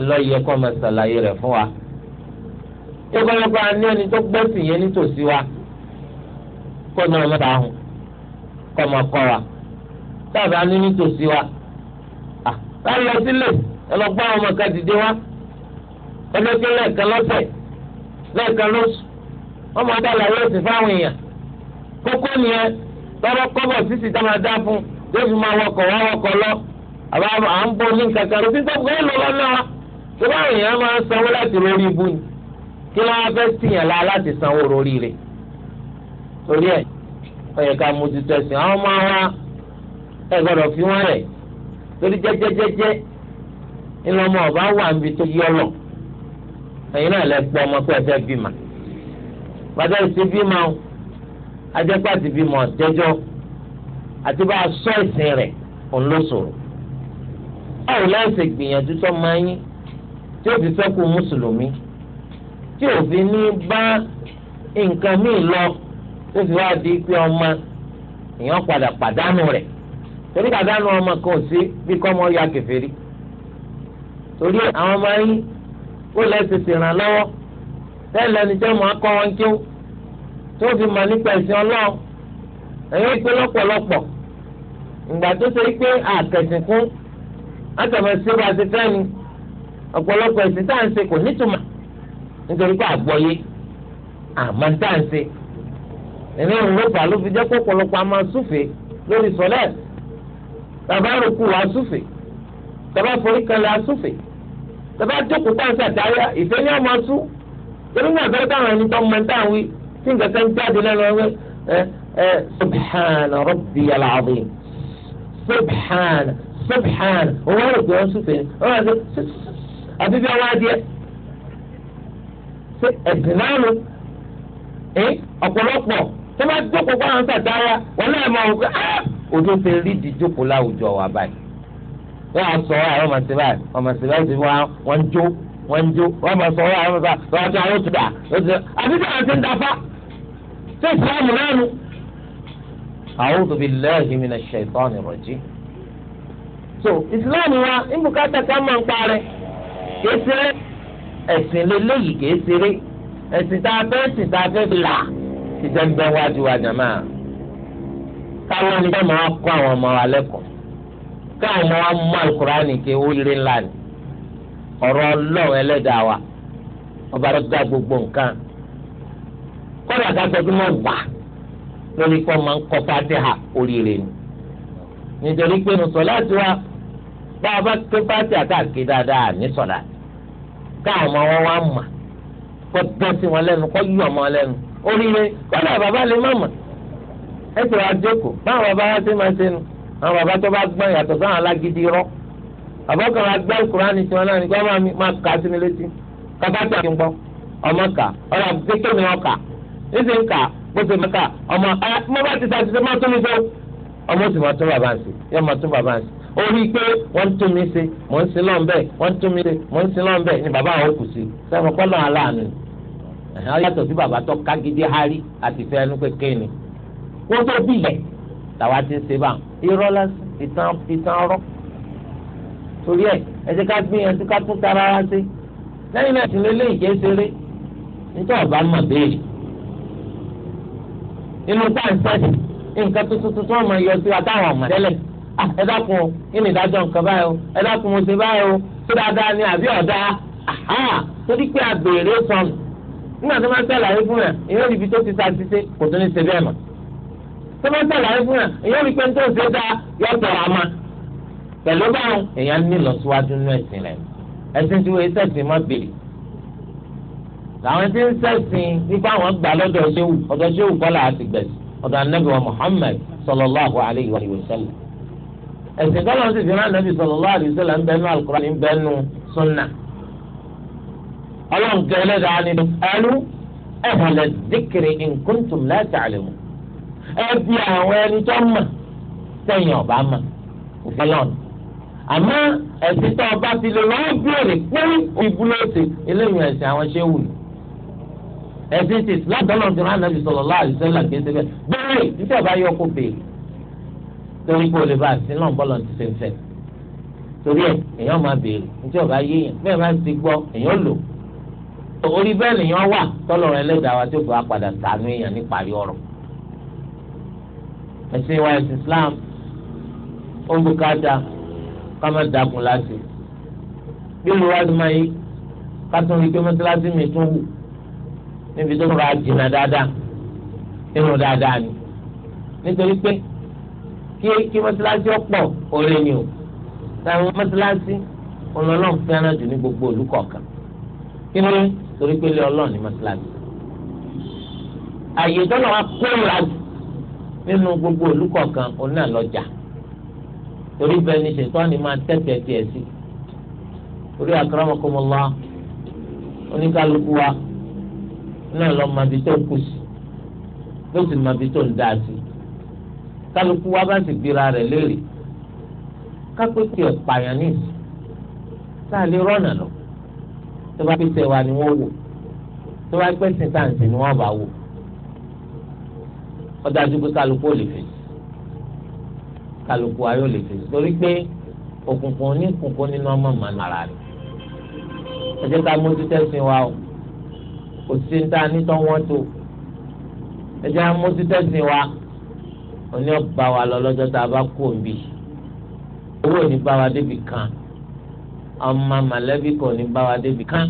Speaker 1: ńlọ́yẹ kọ́ máa ṣàlàyé rẹ̀ fún wa tó bá yẹ kó a ní ẹni tó gbẹ́sìn yẹn nítòsí wa kó náà má bàa hùn kọ́ máa kọ́ wa tá a bá ní nítòsí wa láti lọ sílẹ̀ ẹ ọmọ kan dìde wa ọdún lẹ́ẹ̀kan lọ́sẹ̀ lẹ́ẹ̀kan lóṣù wọ́n máa dá àlàyé òsì fáwọn èèyàn kókó nìyẹn lọ́rọ́ kọ́bọ̀ sísì tá máa dá fún yóò fi máa wọkọ̀ wá wọkọ̀ lọ àbá à ń bọ ní kankan lọ títí tó ń lọ lọ́nà wa tó bá èèyàn máa ń sanwó láti lórí ibú ni kí ló wá fẹ́ tìyàn la láti sanwó lórí rẹ̀ torí ẹ̀ ó yẹ ká mójútó ẹ̀sìn àwọn ọmọ wa ẹ̀ gbọ́dọ̀ fi wọ́n rẹ̀ torí jẹ́jẹ́jẹ́jẹ́ ńlọmọ ọba wà níbi tó yọ lọ ẹ̀yin náà lẹ pọ ọmọ pé ẹ fẹ́ bímọ gbàdá ìsìn bímọ ajẹ́pẹ́ àti bímọ jẹ́jọ́ àti bá a sọ ìsìn rẹ̀ òun ló sọ̀rọ̀ báwo lẹ́sẹ̀ gbìyànjú tó máa yín tí ó fi sẹ́kù mùsùlùmí tí ò fi ní bá nǹkan míì lọ tó fi wá di pé ọmọ èèyàn padà pàdánù rẹ̀ torí pàdánù ọmọ kan ò sí bí kọ́ ọmọ ya kèfèrí torí àwọn ọmọ yín ó lẹ́sẹ̀ ṣèrànlọ́wọ́ bẹ́ẹ̀ lẹni jẹ́ mọ́ akọ́ wọn kí ó tó fi mọ̀ nípa ẹ̀sìn ọlọ́run ẹ̀yọ́ ìpè lọ́pọ̀lọpọ̀ ìgbà tó ṣe pé àtẹ̀sìn fún àtẹ̀mọ̀ sí wa ti fẹ́ ni ọ̀pọ̀lọpọ̀ ẹ̀sìn tá à ń ṣe kò nítumọ̀ nítorí pé àgbọ̀yé àmọ́ tá à ń ṣe ẹ̀mí ìrọ̀pà ló fi jẹ́ pọ̀pọ̀lọpọ̀ a máa súfè lórí sọ́lẹ̀ bàbá rògbò wa súfè bàbá forí kan lè asúfè bàbá jókòó tá à ń ṣàtàyà ìfẹ́ ni a máa sún onígbà tó táwọn ẹni tó mọ táwọn wí tí nǹkan kan jáde lẹ́nu ẹgbẹ́ ẹ ẹ subhana rabbi al-azim subhana subhana òun wà lóògbé wọn sùfè ni wọn wà sí àbí bí wọn adìẹ ṣe ẹsìn náà lò ẹ ọ̀pọ̀lọpọ̀ tó bá jókòó kó àwọn sàtáyà wọn náà mọ òkú ah ti rí ìdíjókòó láwùjọ wa báyìí wọn á sọ àwọn ọmọ sí ọmọ sí báyìí wọ́n ń jó wọ́n máa sọ wọ́n àwọn ọ̀gá wọ́n ti àwọn òtútà òtútà àti tí àwọn ti ń dafa ṣé ìsìlámù náà nu. a'udhu billahi minash shaitani rajim. so ìsìlámù wa ń bùkátà ká máa ń parẹ́ kìí ẹ̀sìn lélẹ́yìí kìí ẹ̀sìn tá a fẹ́ ẹ̀sìn tá a fẹ́ fi là ti jẹ́ ń wájú wa jàmá. káwọn ni bá máa kọ́ àwọn ọmọ wa lẹ́kọ̀ọ́ káwọn ọmọ wa mú àlùkùránì kí oríire ńlá ni ọ̀rọ̀ ọlọ́run ẹlẹ́dàá wa ọba tó dá gbogbo nǹkan kọ́dà kájọ́dún máa wà lórí pé máa ń kọ́ fatiha oríire ni nítorí pé nù sọ̀lá ti wá bá a bá ké fatiha káàkiri dáadáa ní sọ̀lá káwọn ọmọ wọn wá mà kó dán sí wọn lẹ́nu kó yọ ọmọ lẹ́nu oríire kọ́dà bàbá lè má mà ẹ ti wá jókòó báwọn bàbá wá sí máa ṣe nu àwọn bàbá tó bá gbọ́n yàtọ̀ sáwọn alágídí rọ́ àbọ̀kàn wa gbé alukurani tiwọn náà nígbà máa máa kà á sí mi létí kábàtà kí n gbọ́ ọmọ kà ọ̀rọ̀ àbúkékè mi wọn kà níṣẹ́ ń kà bó ṣe máa kà ọmọ ẹ ah, mo ti sàtúnṣe máa tún mi ṣe ọmọ sì máa tún bàbá ń ṣe yẹ máa tún bàbá ń ṣe ó rí i pé wọ́n tún mi ṣe mò ń sin lọ́nbẹ̀ wọ́n tún mi ṣe mò ń sin lọ́nbẹ̀ ni bàbá àwọn kù sí sẹ́mi kọ́nà aláàánú yàtọ̀ sí bàbá tó kágídé hárí àti fẹ́ ẹnu kéke ni wọ́n tó bí ilẹ̀ làwa ti ń ṣe báwọn irọ́ lásán ìtàn ọ̀rọ̀ torí ẹ ẹsẹ ká gbìyànjú ká tún tara wá sí lẹ́yìn náà sì lélẹ ìjẹ ṣeré nítorí ọba mọ béèrè inú pàǹsẹ̀tì nǹkan tuntun tuntun ọmọ yọ sí àtàwọn ọmọ tẹ́lẹ̀ ẹ dákun o kí ni ìdájọ́ nǹkan báyìí o ẹ dákun mo ṣe báyìí o tó dáadáa ni àbí ọ̀dá torí pé àgbèrè sọnù nígbà tó máa ń sàlàyé fún yà èyàn rí tó ti sàtìsẹ kò tó ní ṣe bẹ́ẹ̀ mọ́ tó máa ń sàlàyé fún yà èyàn rí tó ń ṣe dáa yọ pẹ̀lú báwọn èèyàn ní ìlọsíwájú nínú ẹ̀sìn rẹ̀ ẹ̀sìn tí wọ́n ṣẹ̀sìn mọ́ bèrè làwọn tí ń ṣẹ̀sìn nípa àwọn gbà lọ́dọ̀ ṣéwù ọ̀dọ̀ ṣéwù kọ́ làá ti gbẹ̀sì ọ̀dọ̀ anábì wa Muhammad sallallahu alayhi wa sallam ẹ̀sìn kọ́ lọ́n sì fi rán anábì sallallahu alayhi wa sallam ń bẹnu al-Qur'an bẹnu sunna ọlọ́run gẹ́lẹ́ dáa ni ẹ àmọ́ ẹ̀sìn tó ọba ti lè lọ́wọ́ béèrè pé ìbúlọ̀ọ̀sẹ̀ eléyìí ẹ̀sìn àwọn ṣé wù ní. ẹ̀sìn ti islam tọ́lọ̀ ti rán anabi sallallahu alaihi wasallam kì í ṣe bẹ́ẹ̀ béèrè títí ọba yọ kó béèrè torí pé olè bá àti náà bọ́lọ̀ ti ṣe ń fẹ́ torí ẹ̀ èèyàn máa béèrè títí ọba yéèyàn bẹ́ẹ̀ máa ti gbọ́ èèyàn lò orí bẹ́ẹ̀ nìyẹn wà tọ́lọ̀rọ̀ ẹlẹ́dàá wa tó fà á padà sànú èèyàn níparí ọ̀rọ̀ ẹ̀sìn islam ó ká má dakùn láti bí olùwádìí máa yí ká tún rí pé mọ́tíláṣí mi tún wù níbi tó rọra jìnnà dáadáa nínú dáadáa ni nítorí pé kí kí mọ́tíláṣí ọ̀pọ̀ òre ni o táwọn mọ́tíláṣí ọlọ́run fẹ́ràn jù ní gbogbo olùkọ̀ọ̀kan kí ni torí pé ilé ọlọ́run ní mọ́tíláṣí àyè tó lọ́wọ́ kó ìlàjù nínú gbogbo olùkọ̀ọ̀kan òun náà lọ́jà. Ja torí bẹ́ẹ̀ ni ṣètọ́ni máa tẹ̀tẹ̀ tiẹ̀ sí torí akramakumullah oníkálukú wa náà lọ màbí tó kù sí ló sì màbí tó ń dá sí kálukú wa bá sì gbéra rẹ̀ léèrè kápẹ́tì ẹ̀pààyàn ní ìsìn tá rọ́nà lọ tó bá pèsè wa ni wọ́n wò tó bá pèsè táǹtì ni wọ́n bá wò ó dájú kálukú ò lè fèsì. Kaloku ayọ̀ lè fèsì torí pé òkùnkùn ní kùnkùn nínú ọmọ màmá rẹ̀ ẹ jẹ́ ká mójú tẹ̀sìn wa o kò sí ní ta ní tán wọ́n tó ẹ jẹ́ ká mójú tẹ̀sìn wa oní ọba wa lọ lọ́jọ́ tá a bá kú òbí owó ò ní bá wa débi kan ọmọ màlẹ́bí kò ní bá wa débi kan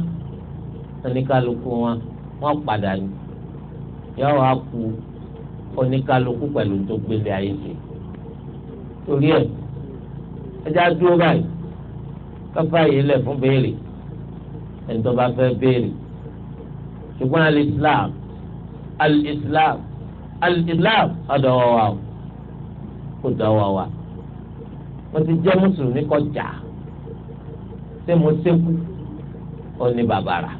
Speaker 1: oníkálukú wọn wọn padà ní yọ wá ku oníkálukú pẹ̀lú tó gbélé ayé ṣe torí ẹ̀ ẹja dúró báyìí káfá yìí lẹ̀ fún béèrè ẹni fẹ́ béèrè ṣùgbọ́n al-islam al-islam al-islam ọ̀dọ̀ wà wà kò dọ̀ wà wà mo ti jẹ́ mùsùlùmí kọjá ṣé mo ṣekú ó ní bàbàrà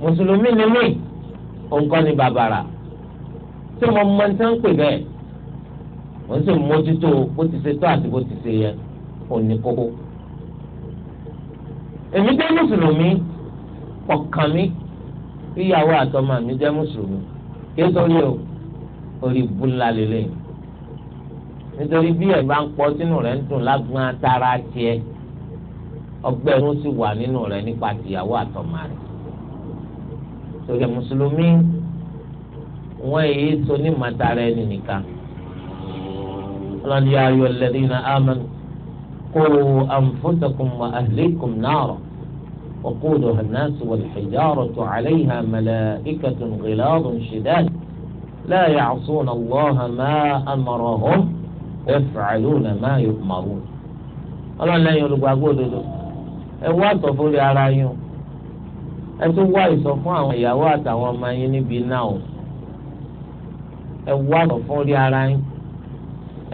Speaker 1: mùsùlùmí ni mí òǹkọ́ ní bàbàrà ṣé mo mọ ní sẹ́ńpẹ̀ bẹ́ẹ̀ wọ́n sì mójútó bó ti ṣe tó àti bó ti ṣe yẹ òní kókó. èmi jẹ́ mùsùlùmí ọ̀kan mi ìyàwó àtọmọ mi jẹ́ mùsùlùmí kìí sọrí o orí búlá lélẹ̀ nítorí bí ẹ̀ bá ń pọ̀ sínú rẹ̀ ń dùn lágbọ́n atara tiẹ̀ ọgbẹ́ ẹ̀rún sì wà nínú rẹ̀ nípa tìyàwó àtọmọ rẹ̀ torí mùsùlùmí wọ́n èyí so ní màtara ẹni nìkan. لن يا أيها الذين آمنوا قوا أنفسكم وأهليكم نارا وقودها الناس والحجارة عليها ملائكة غلاظ شداد لا يعصون الله ما أمرهم يفعلون ما يؤمرون ọlọ́run لا يلقى قوله ẹ wá sọ fórí ara yín o ẹ tún wá ìsọ fún àwọn ìyàwó àtàwọn ọmọ yín níbi náà ẹ wá sọ fórí ara yín.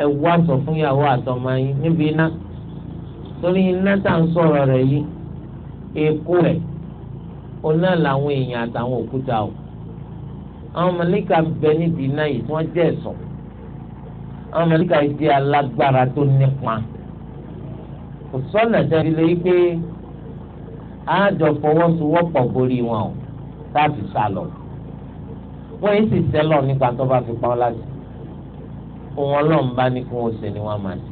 Speaker 1: ẹ wá sọ fún ìyàwó àtọmọ yín níbi iná torí iná tá à ń sọ̀rọ̀ rẹ̀ yìí èkó rẹ̀ oná làwọn èèyàn àtàwọn òkúta o àwọn mọ̀lẹ́kà bẹ níbi iná yìí tí wọ́n jẹ́ ẹ̀sọ́ àwọn mọ̀lẹ́kà yìí jẹ́ alágbára tó nípa kò sọ́nà jáde lé pé àjọ fọwọ́sowọ́pọ̀ borí wọn o láti sálọ wọ́n yìí sì sẹ́lọ̀ nípa tó bá fi pa ọ́ láti ohun ọlọ́run bá ní kí wọ́n ṣe ni wọ́n máa ṣe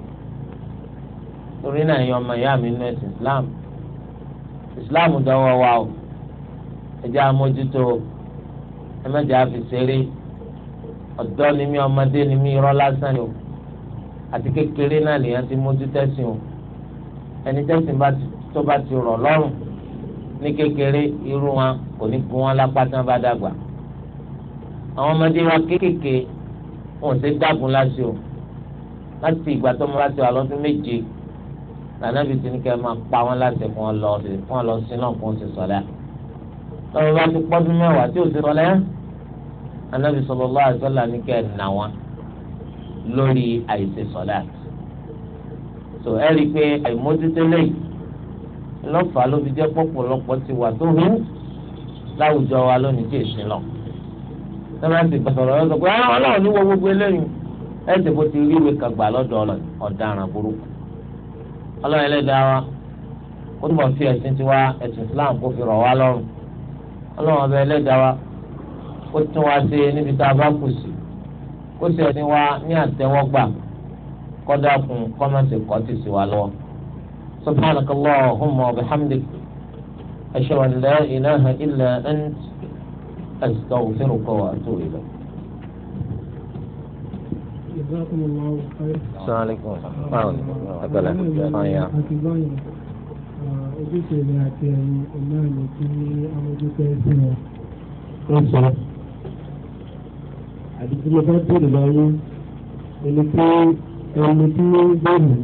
Speaker 1: torí náà yan ọmọ ìyá mi nínú ẹ̀sìn Islam Islam dánwọ́ wa o ẹ jẹ́ amójútó ẹ mẹ́jẹ̀ á fi ṣeré ọ̀dọ́ ni mí ọmọdé ni mí irọ́ lásán ni o àti kékeré náà lèèyàn ti mójú tẹ́sìn o ẹni tẹ́sìn tó bá ti rọ̀ lọ́rùn ní kékeré irú wọn kò ní gun wọn lápá tí wọn bá dàgbà àwọn ọmọdé wa kéékèèké wọn ò ṣe dágun láṣẹ o láti ìgbà tó ń bá ti wà lọ́dún méje nànà bìtì ní kẹ́ máa pa wọn láti fún ọ lọ sí fún ọ lọ sí náà fún ọ sì sọ̀lẹ́ lọ́wọ́ bá ti pọ́dún mẹ́wàá tí ò sí sọ̀lẹ́ Ànábì sallallahu alaihi wasallam ní kẹ́ nà wọn lórí àìsè sọ̀lẹ́ tó ẹ rí i pé àìmójútó lẹ́yìn lọ́fà ló fi jẹ́ pọ̀pọ̀lọpọ̀ ti wà tó hu láwùjọ wa lónìí tí èsì náà sọ́mà ti sọ̀rọ̀ ẹ̀ sọ pé ah, ọlọ́run ní wọ gbogbo eléyìí ẹ̀ ṣe bó ti rí ìwé kan gbà lọ́dọ̀ ọ̀daràn burúkú ọlọ́run ẹlẹ́dàá wa ó túbọ̀ fi ẹ̀sìn tiwa ẹ̀sìn Islam kó fi rọ̀ wá lọ́rùn ọlọ́run ọbẹ̀ ẹlẹ́dàá wa ó tún wá sí níbi tá a bá kù sí kó sì ẹ̀sìn wa ní àtẹ́wọ́gbà kọ́dà kun kọ́mẹ́sì kọ́tì sí wa lọ́wọ́ subhanakallahumma wa bihamdik ashhadu an la ilaha illa ant. أستغفرك وأتوب إليك جزاكم الله خير السلام عليكم ورحمة الله وبركاته ojúṣe mi àti ẹ̀yin náà ni kí amójútó ẹsẹ̀ wọn. wọ́n sọ àdìsí mo bá bèrè lọ́wọ́ ẹni pé ẹni tí ó ń bẹ̀rù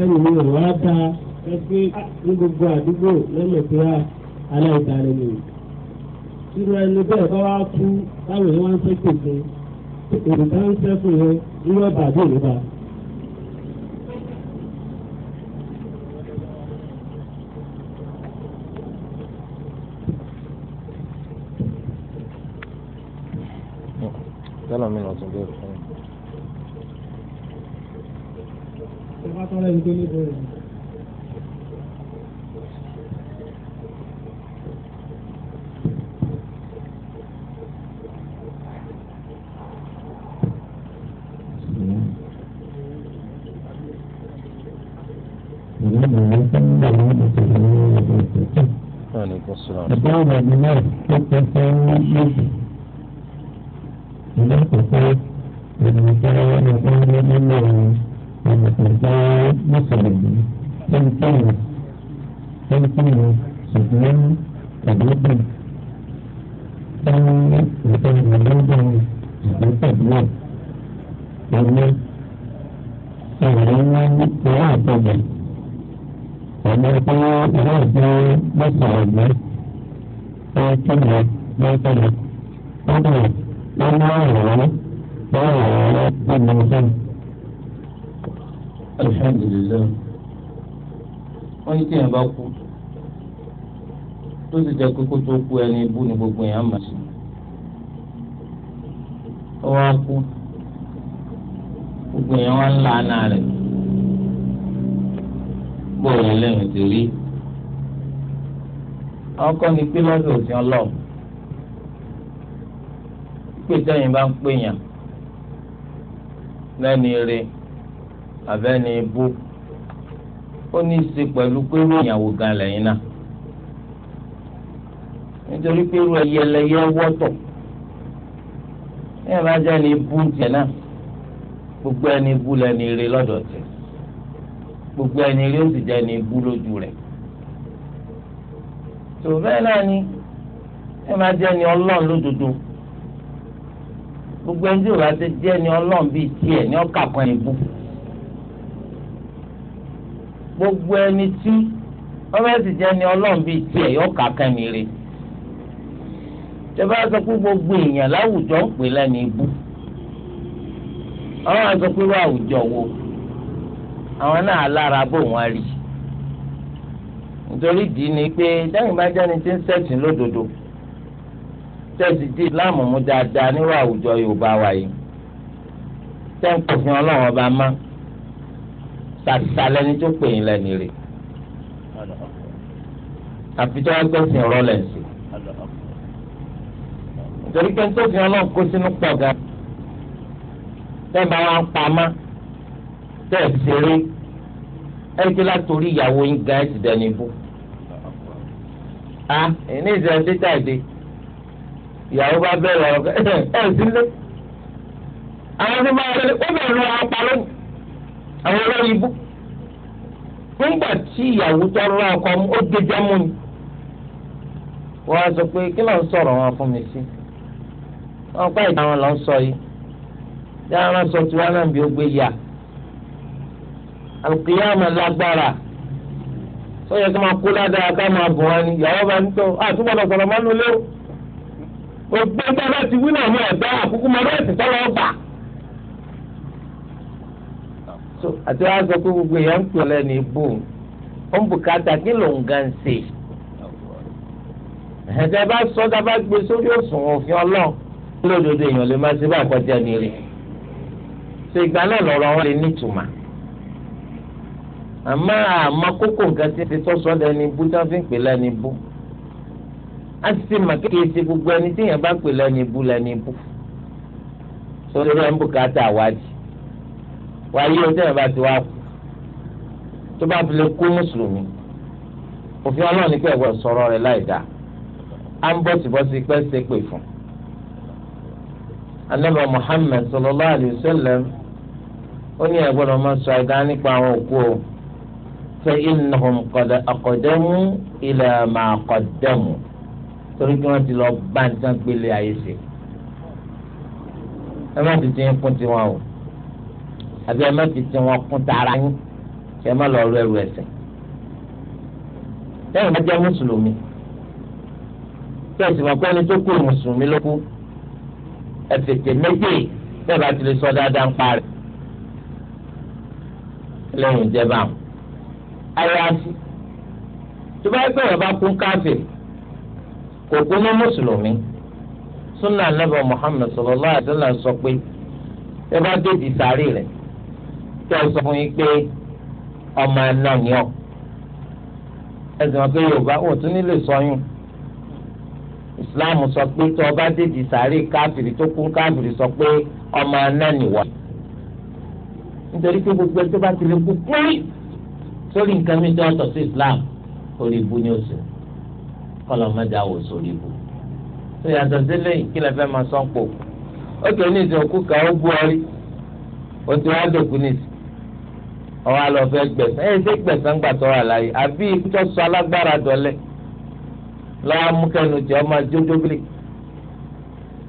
Speaker 1: ẹni mi ò wá dá ẹgbẹ́ ní gbogbo àdúgbò lọ́nà pé aláìdáre nìyí irú ẹni bẹ́ẹ̀ bá wá kú táwọn èèyàn wá ń fẹ́ gbèsè èrò bá ń fẹ́ fún yẹn irú ọ̀bà àbí òní bá. tẹ́lọ̀ mi lọ tún bẹ̀rẹ̀ fún mi. ẹgbẹ́ ìrọ̀lẹ́ náà tó ẹ̀ẹ́dẹ́gbẹ̀rún ẹ̀ẹ́dẹ́gbẹ̀rún ọdún ẹ̀ẹ́dẹ́gbẹ̀rún ẹ̀ẹ́dẹ́gbẹ̀rún alhamdulilayi wọ́n ní kéèyàn bá kú tó ti jẹ́ kókó tó kú ẹni bú ni gbogbo yẹn mà sí ó wá kú gbogbo yẹn wá ń la àná rẹ̀ bóòlù lẹ́yìn tó rí ọkọ ni pé lọ́dọ̀ òsì ọlọ́ọ̀ pé sẹ́yìn bá ń pèèyàn lẹ́ni re àbẹ́ni bú ó ní í ṣe pẹ̀lú pé irú ìyàwó gan lẹ́yìn náà nítorí pé irú ẹyẹlẹyẹ wọ́tọ̀ ẹ bá jẹ́ ni bú tiẹ̀ náà gbogbo ẹni bú lẹ́ni re lọ́dọ̀ tiẹ̀ gbogbo ẹni rí ó sì jẹ́ ni bú lójú rẹ̀. tó bẹ́ẹ̀ náà ni ẹ máa jẹ́ ni ọlọ́run lódodo gbogbo ẹni tí o bá ti jẹ́ ni ọlọ́run bíi tiẹ̀ ni ọkà kan ìbú gbogbo ẹni tí wọ́n bá ti jẹ́ ni ọlọ́run bíi tiẹ̀ yọ ọkà kan nìire tẹ́fẹ́ sọ gbogbo èèyàn láwùjọ ń pè lẹ́nu ìbú wo àwọn náà bò nítorí dì í ni pé dáhùn bá jáde ti ń sẹ́sìn lódodo tẹ́sí di islam mú dáadáa nírú àwùjọ yorùbá wa yìí tẹ́ǹkù fún ọlọ́run ọba má sàtìsàlẹ̀ ni tó pè yín lẹ́nu rè àfitọ́ ẹgbẹ́sìn rọ́lẹ̀nsì nítorí pé tó fi ọlọ́run kó sínú pọ̀ gan tẹ́ẹ̀bá wa ń pamá tẹ́ẹ̀ ṣeré ẹ̀ ń tí látòrí ìyàwó yín gan ẹ̀ ti dẹni bú a ní ìṣẹ̀lẹ̀ títà ìdè ìyàwó bá bẹ̀rẹ̀ ọ̀gá ẹ̀ sílé àwọn tí máa rẹ̀ ó bẹ̀rẹ̀ lọ apá lónìí àwọn ọlọ́run ibú nígbà tí ìyàwó tó rọ ọkọ mu ó déjà mú ni wọ́n á sọ pé kí ló ń sọ̀rọ̀ wọn fún mi sí wọn pa ìdá wọn lọ ń sọ yìí dáhùn sọ tiwa náà bí ó gbé yà àlùkìyàmọ̀ lágbára ó yẹ kó máa kó dáadáa ká máa bọ̀ wá ní ìyàwó bá ń tọ́ àtúbọ̀dọ̀ sọ̀rọ̀ máa ń lò léwu ògbé bàbá ti wí náà mú ẹ̀dá àkúkú máa bẹ́ẹ̀ sì tọ́lọ́ gbà. àti wàá sọ pé gbogbo èèyàn ń pèlè ní ibò ó ń bùkátà kí ló ń gan ṣe. ẹ̀jẹ̀ bá sọ dábàá gbé sórí òsùn òfin ọlọ́run lódodo èèyàn lè má ṣe bá àkọjá ní rè. náà lọ́rọ̀ àmọ́ àmọ́ kókó nǹkan ti ti tọ́sọ́ lẹ́ni bú tí wọ́n fi ń pè lẹ́ni bú á ti mà kéèké ti gbogbo ẹni tí èèyàn bá pè lẹ́ni bú lẹ́ni bú sórí ẹ̀ ń bùkátà wájú wáyé o tẹ́lẹ̀ bá ti wá kú fi lè kú mùsùlùmí òfin ọlọ́run ní pẹ̀lú sọ̀rọ̀ rẹ̀ láì dáa á ń bọ̀sibọ́sí pẹ́ sépè fún anábà Muhammad ó ní o. فإنهم قد أقدموا إلى ما قدموا torí kí wọ́n ti lọ bá ní sàn gbélé ayé ṣe ẹ má fi ti kún tiwọn o àbí ẹ má fi ti wọn kún tara yín kí ẹ má lọ rú ẹrù ẹ̀ṣẹ̀ lẹ́yìn bá jẹ́ mùsùlùmí tẹ̀sí wọn pé ẹni tó kú mùsùlùmí ló kú ẹ̀fẹ̀tẹ̀ méjì ayáàfi tó bá ọba kú káfíìn kò kú ní mùsùlùmí sunna anabi muhammed sallallahu alaihi sọ pé ẹ bá sáré kí ọ sọ fún yín pé ọmọ náà ni ọ ẹ pé yorùbá islam sọ pé tí ọba sáré tó sọ pé ọmọ náà ni wà nítorí pé gbogbo sórí nǹkan mi tó ọ̀tọ̀ sí islam orí ibu ni ó sì kọlọ mẹ́ta wò sórí ibu tó yàtọ̀ sílẹ̀ kí lè fẹ́ máa sọ́n pò ó tó ní ìsìn òkú kan ó bú ọrí ó ti wá dòkú ní ìsìn ọwọ́ àlọ́ fẹ́ gbẹ̀sán ẹ̀ ṣé gbẹ̀sán gbà tọ́ wà láyé àbí tó sọ alágbára dọ̀lẹ́ lọ́wọ́ mú kẹnu ọmọ jójóbìlì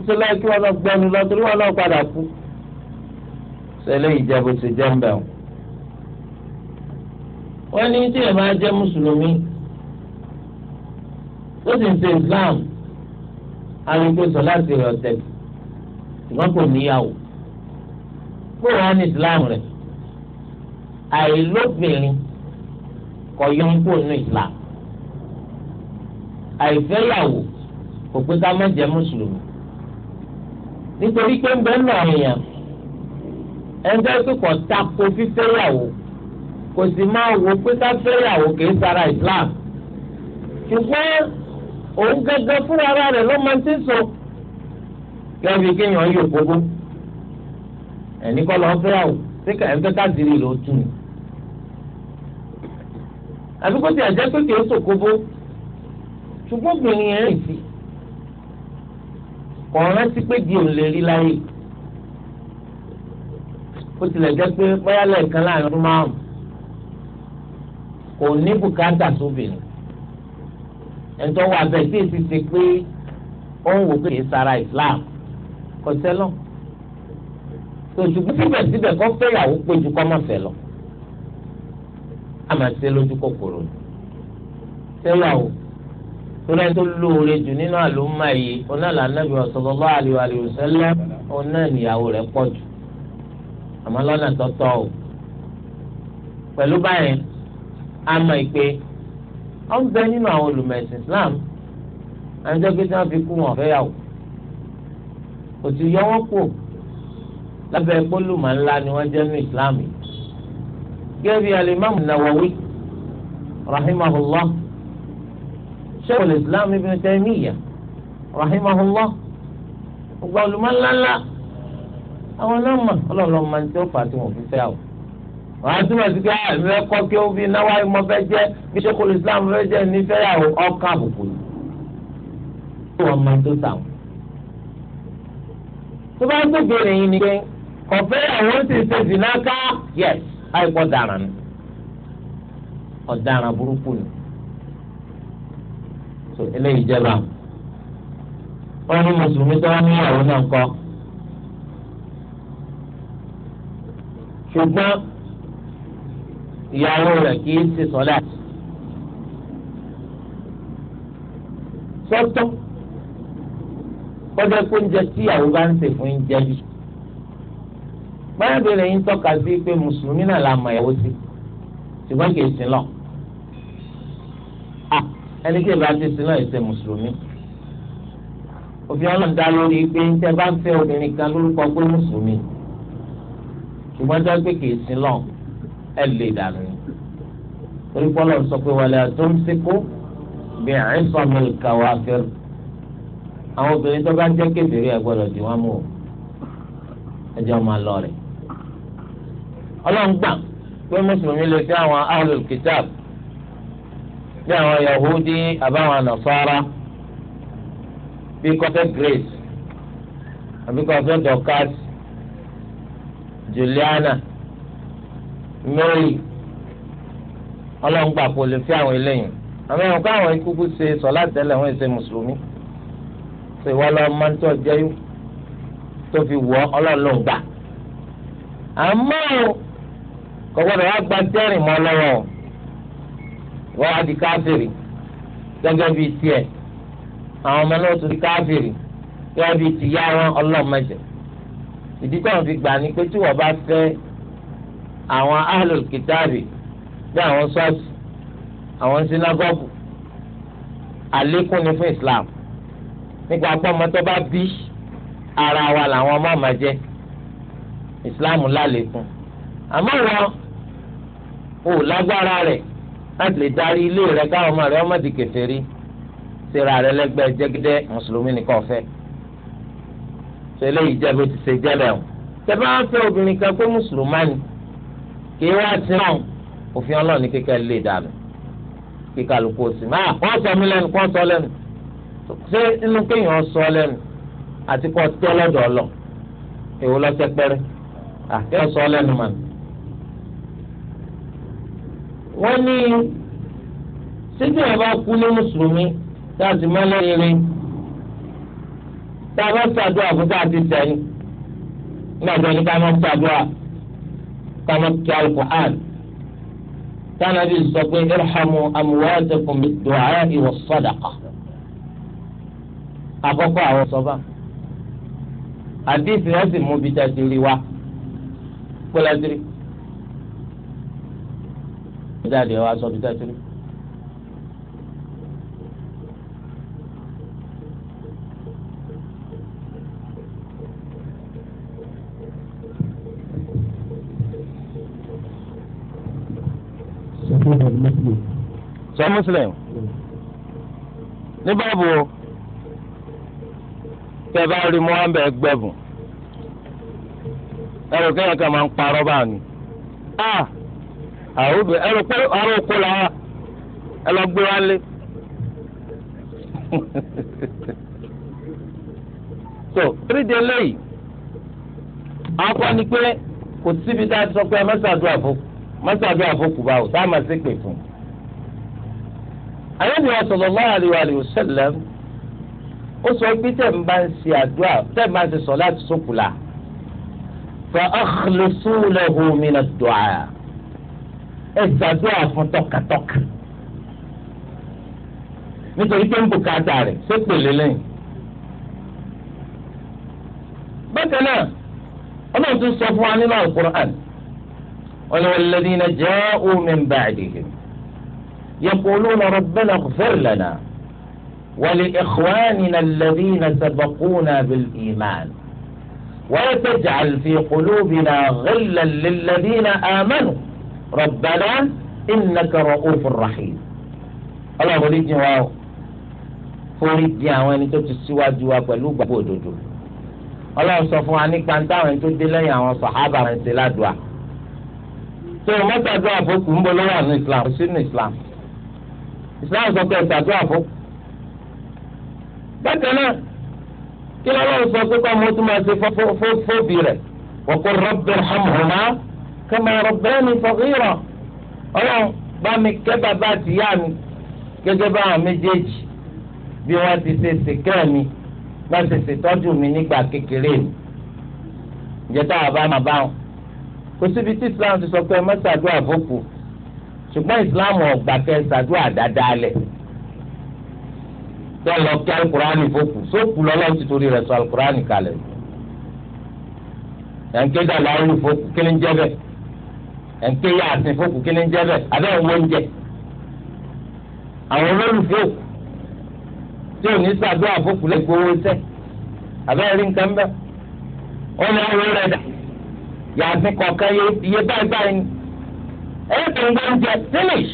Speaker 1: ìṣẹ̀lẹ̀ kí wọ́n lọ gbẹnu lọ torí wọ́n lọ padà kú ṣẹlẹ̀ ìjẹ́bù ṣe jẹ́ ń bẹ̀rù wọ́n ní tí èèyàn máa jẹ́ mùsùlùmí ó sì ń ṣe islam arúgbó sọ láti rẹ̀ ọ̀sẹ̀ ṣùgbọ́n kò níyàwó kó wá ní islam rẹ̀ àìlóbìnrin kò yọ ń kó nínú islam àìfẹ́yàwó kò pé ká má jẹ́ mùsùlùmí nítorí pé ń bẹ́ẹ̀ náà èèyàn ẹgbẹ́ kíkọ̀ tako fífẹ́yàwó. kò sì máa wò pé ká fẹ́yàwó kì í sara Islam ṣùgbọ́n òun gẹ́gẹ́ fúnra ara rẹ̀ ló máa ti sọ gẹ́gẹ́ kéèyàn yóò gbogbo ẹ̀ní kọ́ lọ́ọ́ fẹ́yàwó ṣé ẹ̀ ń fẹ́ ká tún ni. àbí kó ti àjẹ́ pé kì í ṣùgbọ́n yẹn rìn sí rí kó tilẹ̀ jẹ́ pé báyà lẹ́ẹ̀kan kò ní bùkátà sóbìnrin ẹ̀ńtọ́ wà bẹ́ẹ̀ tí èsì ti pé ó ń wò pé kì í sara Islam kò sẹ́lọ̀ tó ṣùgbọ́n síbẹ̀síbẹ̀ kọ́ fẹ́yàwó péjú kọ́ mọ̀ fẹ́ lọ àmà ṣe lójú kòkòrò fẹ́yàwó tóra tó lóore jù nínú àlùmọ́ yìí ọ̀nà làánàbí sallallahu alaihi wa sallam ọ̀nà ìyàwó rẹ̀ pọ̀ jù àmọ́ lọ́nà tọ́tọ́ o pẹ̀lú báyẹn àmọ́ ìpè ọ ń bẹ nínú àwọn olùmẹ̀sìn Islam àjọ pé tí wọ́n fi kú wọn fẹ́ yàwó kò sì yọ wọ́n kù lábẹ́ pólùmọ̀ ńlá ni wọ́n jẹ́ ní Islam yìí gẹ́gẹ́ bí alimami Nawawi rahimahullah sheikh islam ibn Taymiyyah rahimahullah gbogbo olùmọ̀ ńláńlá àwọn náà mọ̀ ọlọ́run máa ń tẹ́ ọ̀fà tí wọ́n fi fẹ́ àwọn wàá túmọ̀ sí pé àmì ah, ẹ̀kọ́ kí ó fi náwó ayé mọ́ fẹ́ jẹ́ bí sẹ́kùn Islam fẹ́ jẹ́ nífẹ̀ẹ́yàwó ọkàn àbùkù ni. wọ́n máa tó sàn. tó bá tó béèrè yín ni pé ọ̀fẹ́ àwọn ti ṣe ìdìnnáká yes àìkọ́ dàrán ni ọ̀daràn burúkú ni. so eléyìí jẹ́ bá wọn ní mùsùlùmí tó wá níyàwó náà kọ́ ṣùgbọ́n ìyàwó rẹ̀ kì í ṣe sọ́lá. sọ́tọ́ kọjá pé oúnjẹ tí ìyàwó bá ń sè fún oúnjẹ bí. báyọ̀bẹ̀rẹ̀ yín tọ́ka sí pé mùsùlùmí náà la mọ̀ ìyàwó sí ṣùgbọ́n kì í sin lọ. ẹni tí ìbá ti sin lọ ìṣe mùsùlùmí. òfin ọlọ́run dá lórí pé ń tẹ́ bá ń fẹ́ obìnrin kan lórúkọ pé mùsùlùmí ṣùgbọ́n dágbé kì í sin lọ́ọ̀ ẹ lè dànù torí pọ́lọ̀ sọ pé wàlẹ́ àtúnṣekú bí àìsàn ìka wà fẹ́rù àwọn obìnrin tó bá jẹ́ kébèrè ẹ gbọ́dọ̀ dì wọ́n mú o ẹjọ́ máa lọ rẹ̀ ọlọ́run gbà pé mùsùlùmí lè fi àwọn ahlul kitab bí àwọn yahudi àbáwọn nasara bí kọ́tẹ́ grace àbí kọ́tẹ́ dorcas juliana. Mary ọlọ́ngbà kò lè fi àwọn eléyìí àmọ́ ẹ̀rọ káwọn ikúkú ṣe sọ̀lá tẹ́lẹ̀ wọ́n ṣe mùsùlùmí ṣe wá lọ máa ń tọ́ jẹ́yú tó fi wọ́ ọlọ́ọ̀lọ́ngbà àmọ́ kò gbọ́dọ̀ wá gba tẹ́rìn mọ́ lọ́wọ́ wọ́n á di káfíìrì gẹ́gẹ́ bíi tiẹ̀ àwọn ọmọ náà tún di káfíìrì gẹ́gẹ́ bíi tìyá wọn ọlọ́mọdé ìdí tí wọ́n fi gbà ní pé tí wọ́n bá fẹ́ àwọn ahlul kitabi bí àwọn ṣọ́ọ̀ṣì àwọn sinagogu àlékún ni fún islam nípa pé ọmọ bá bí ara wa làwọn ọmọ àmà jẹ islam lálékún àmọ́ wọn ò lágbára rẹ̀ láti lè darí ilé rẹ̀ káwọn ọmọ rẹ̀ ọmọ di kèfèrí síra rẹ̀ lẹ́gbẹ̀ẹ́ jẹ́gídẹ́ mùsùlùmí nìkan fẹ́ ṣe eléyìí ti ṣe jẹ́ o tẹ bá fẹ́ obìnrin kan pé mùsùlùmá ni kì í wá sí náà òfin ọlọ́run ní kíkẹ́ lè dànù kíkà lóko sí máa wọ́n sọ mí lẹ́nu wọ́n sọ lẹ́nu ṣé inú kéèyàn sọ lẹ́nu àti kọ́ tẹ́ lọ́dọ̀ ọlọ èwo lọ́tẹ́ pẹ́rẹ́ àkẹ́yọ̀ sọ lẹ́nu mọ̀ wọ́n ní síbi ẹ̀ bá kú ní mùsùlùmí tá a sì mọ́ lẹ́yìn tá a bá ṣàdúrà fún tá a ti sẹ́yìn nígbà tó ní ká má ṣàdúrà kama kí alukur'an tánàbí sọ pé irhamu amuwaatakum du'a iwọ sadaqa àkọ́kọ́ àwọn sọba àdìsí wọn sì mú bíjà tìrì wa kpọlá Muslim ní báàbò tẹ́ rí Muhammed gbẹ̀bùn ẹrù kẹ́yìn kan máa ń parọ́ báà ni àwùjọ ẹrù la ẹ lọ gbé wa lé so three lẹ́yìn akọ pé kò síbi tá sọ pé mẹ́sàdúrà fún mẹ́sàdúrà fún kùbá o tá a máa ṣépè fún un àyẹ̀wò sallallahu alaihi wa sallam ó sọ pé tẹ̀ ń bá ń ṣe àdúrà tẹ̀ ń bá ń ṣe sọ láti sókùlà fa akhlisu lahu min ad-du'a ẹ ṣàdúrà fún tọkàtọkà nítorí pé ń bùkátà rẹ̀ ṣé pèlè lẹ́yìn. bákan náà ọlọ́run tún sọ fún wa nínú Al-Qur'an ọlọ́run alladhina ja'u min ba'dihim. يقولون ربنا اغفر لنا ولإخواننا الذين سبقونا بالإيمان ولا تجعل في قلوبنا غلا للذين آمنوا ربنا إنك رؤوف رحيم الله وليد نواه فريد نواه أنك تسوى جواك ولوك بودو الله صفو عنك أنت وانتو دلني يا صحابة عن سلاة دواء ثم تدعى فوق مبلغة الإسلام سنة الإسلام islam sọ pé ìṣàdúrà fún. bákan náà kí lọ́wọ́ sọ pé kọ́ ọmọ tó máa ṣe fóbi rẹ̀ wọ́n kó rọ́bì hàmùhùmá kí ọmọ rọ́bì ẹni fọ́kìrọ̀ ọlọ́run bá mi kẹ́ bàbá àtìyá mi gẹ́gẹ́ bá àwọn méjèèjì bí wọ́n ti ṣe ṣèkẹ́ mi bá ṣe ṣètọ́jú mi nígbà kékeré mi ìjẹ́ta àbá máa bá wọn kò síbi tí islam ti sọ pé ẹ má ṣàdúrà ṣùgbọ́n islam ọ̀gbà kẹsàdú àdádálẹ̀ tó lọ kí alukurani fòkù sókù lọ́lọ́run ti torí rẹ̀ sọ alukurani kalẹ̀ ẹ̀ńkéjà làwọn fòkù kí ni ń jẹ́ bẹ́ẹ̀ ẹ̀ńkéjà àsìn fòkù kí ni ń jẹ́ bẹ́ẹ̀ abẹ́ òun oúnjẹ àwọn olólùfẹ́ òkú tí ò ní sàdú àfòkù lè gbowó sẹ́ abẹ́ rí nǹkan bẹ́ẹ̀ ó ní àwọn rẹ̀ dà yàtí kọ̀ọ̀kan yé báyìí báyìí ẹ̀ kì í gbé oúnjẹ finish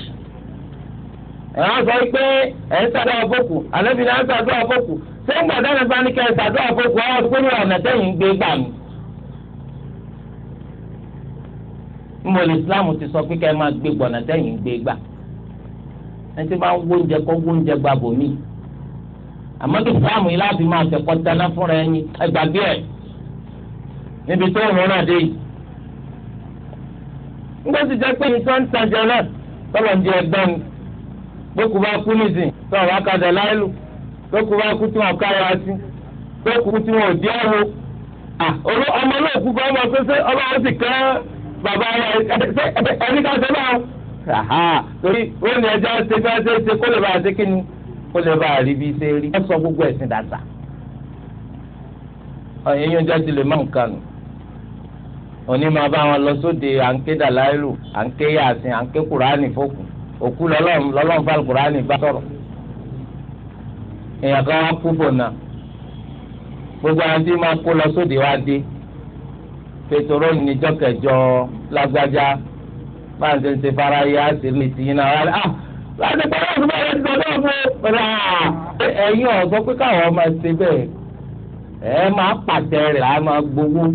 Speaker 1: ẹ̀ wọ́n sọ pé ẹ̀ ń sàdọ̀ àbòkù àlẹ́bí náà ń sàdọ̀ àbòkù ṣé ń gbàdá nípa ní kẹ́ ẹ̀ sàdọ̀ Islam ti sọ pé ẹ máa gbé gbọ̀nà gbé gbà ẹ ti máa ń wóúnjẹ kọ́ wóúnjẹ àmọ́ yìí láti máa tẹ̀kọ́ dáná fúnra nígbà tó jẹ́ pé nǹkan ń tajà náà tọ́lọ̀ ń jẹ ẹgbẹ́ ni bókù bá kú nìsín tó àwọn akadà láìlú bókù bá kú tí wọn kára sí bókù tí wọn ò dí ọ̀rọ̀ olú ọmọ náà kú kọ́ ọmọ pé ọba ó sì kẹ́ bàbá ẹni ká sẹ́lá torí ó ní ẹjọ́ ṣe fẹ́ ṣe ṣe kó lè bá a ṣe kí ni kó lè bá a rí bí ṣe rí. wọ́n sọ gbogbo ẹ̀sìn dàda ọ̀yẹ́yìn òní máa bá wọn lọ sóde à ń ké dàláìlù à ń ké yàsìn à ń ké kùránì fókù òkú lọ́lọ́run lọ́lọ́run fà kùránì bá sọ̀rọ̀ èèyàn kan wá kú bòna gbogbo àwọn tí máa kó lọ sóde wá dé pétérò níjọ́ kẹjọ lágbájá máa ń ṣe ń ṣe fara yá sí ní tìyín náà láti pẹ́ láti máa yẹ ti ọ̀dọ́ fún un. ẹ̀yin ọ̀gbọ́n pé káwọn máa ṣe bẹ́ẹ̀ ẹ máa pàtẹ rẹ̀ á máa gbowó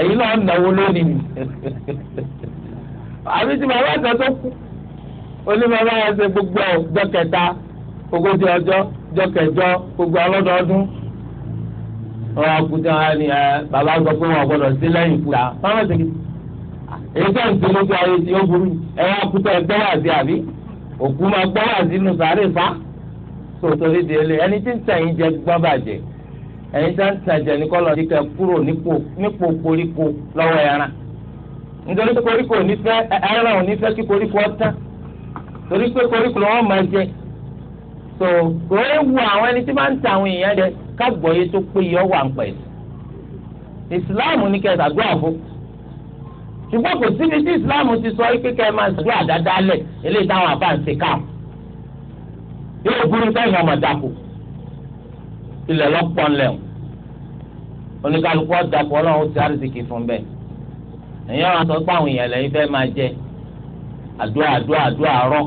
Speaker 1: ẹ̀yin náà ń náwó lónìí ni àbí tí bàbá àgbà tó kú onímọ̀ọ́lá yẹn ṣe gbogbo ọjọ́ kẹta ogójì ọjọ́ ọjọ́ kẹjọ gbogbo ọlọ́dọọdún wọn akuta ni ẹ bàbá gbọ́ pé wọn gbọ́dọ̀ sí lẹ́yìn kúta báwọn ṣe kí èyí tó ń ṣe lójú ayé tí ó burú ẹ wọn akuta ẹ gbọ́ wá sí àbí òkú máa gbọ́ wá sínú sàárè fa sòtòrí délé ẹni tí ń sẹ́yìn jẹ gbọ́ bàjẹ́ ẹ̀yin tá ń tajà ní kọ́lọ̀ ní kẹ́ kúrò nípò koríko lọ́wọ́ ẹran nítorí pé koríko ò ní fẹ́ ẹran ò ní fẹ́ kí koríko ọ̀tá torí pé koríko lọ́wọ́ máa jẹ so kò é wu àwọn ẹni tí máa ń ta àwọn èèyàn jẹ kágbọ̀ọ́yé tó péye ọ̀wà ń pẹ̀lú ìsìláàmù ní kẹ́ ṣàdúrà fún ṣùgbọ́n kò síbi tí ìsìláàmù ti sọ pé kẹ́ ẹ máa ṣàdúrà dáadáa lẹ̀ eléyìí táwọn àbá ń ṣe káàmù yóò burú ilẹ̀ lọ́pọ̀n lẹ́wọ̀n oníkálukú ọ̀dàpọ̀ ọlọ́run ó ti àrísìkì fún bẹ́ẹ̀ èèyàn àwọn sọ pé àwọn èèyàn lẹ́yìn fẹ́ máa jẹ àdúrà àdúrà àdúrà rọ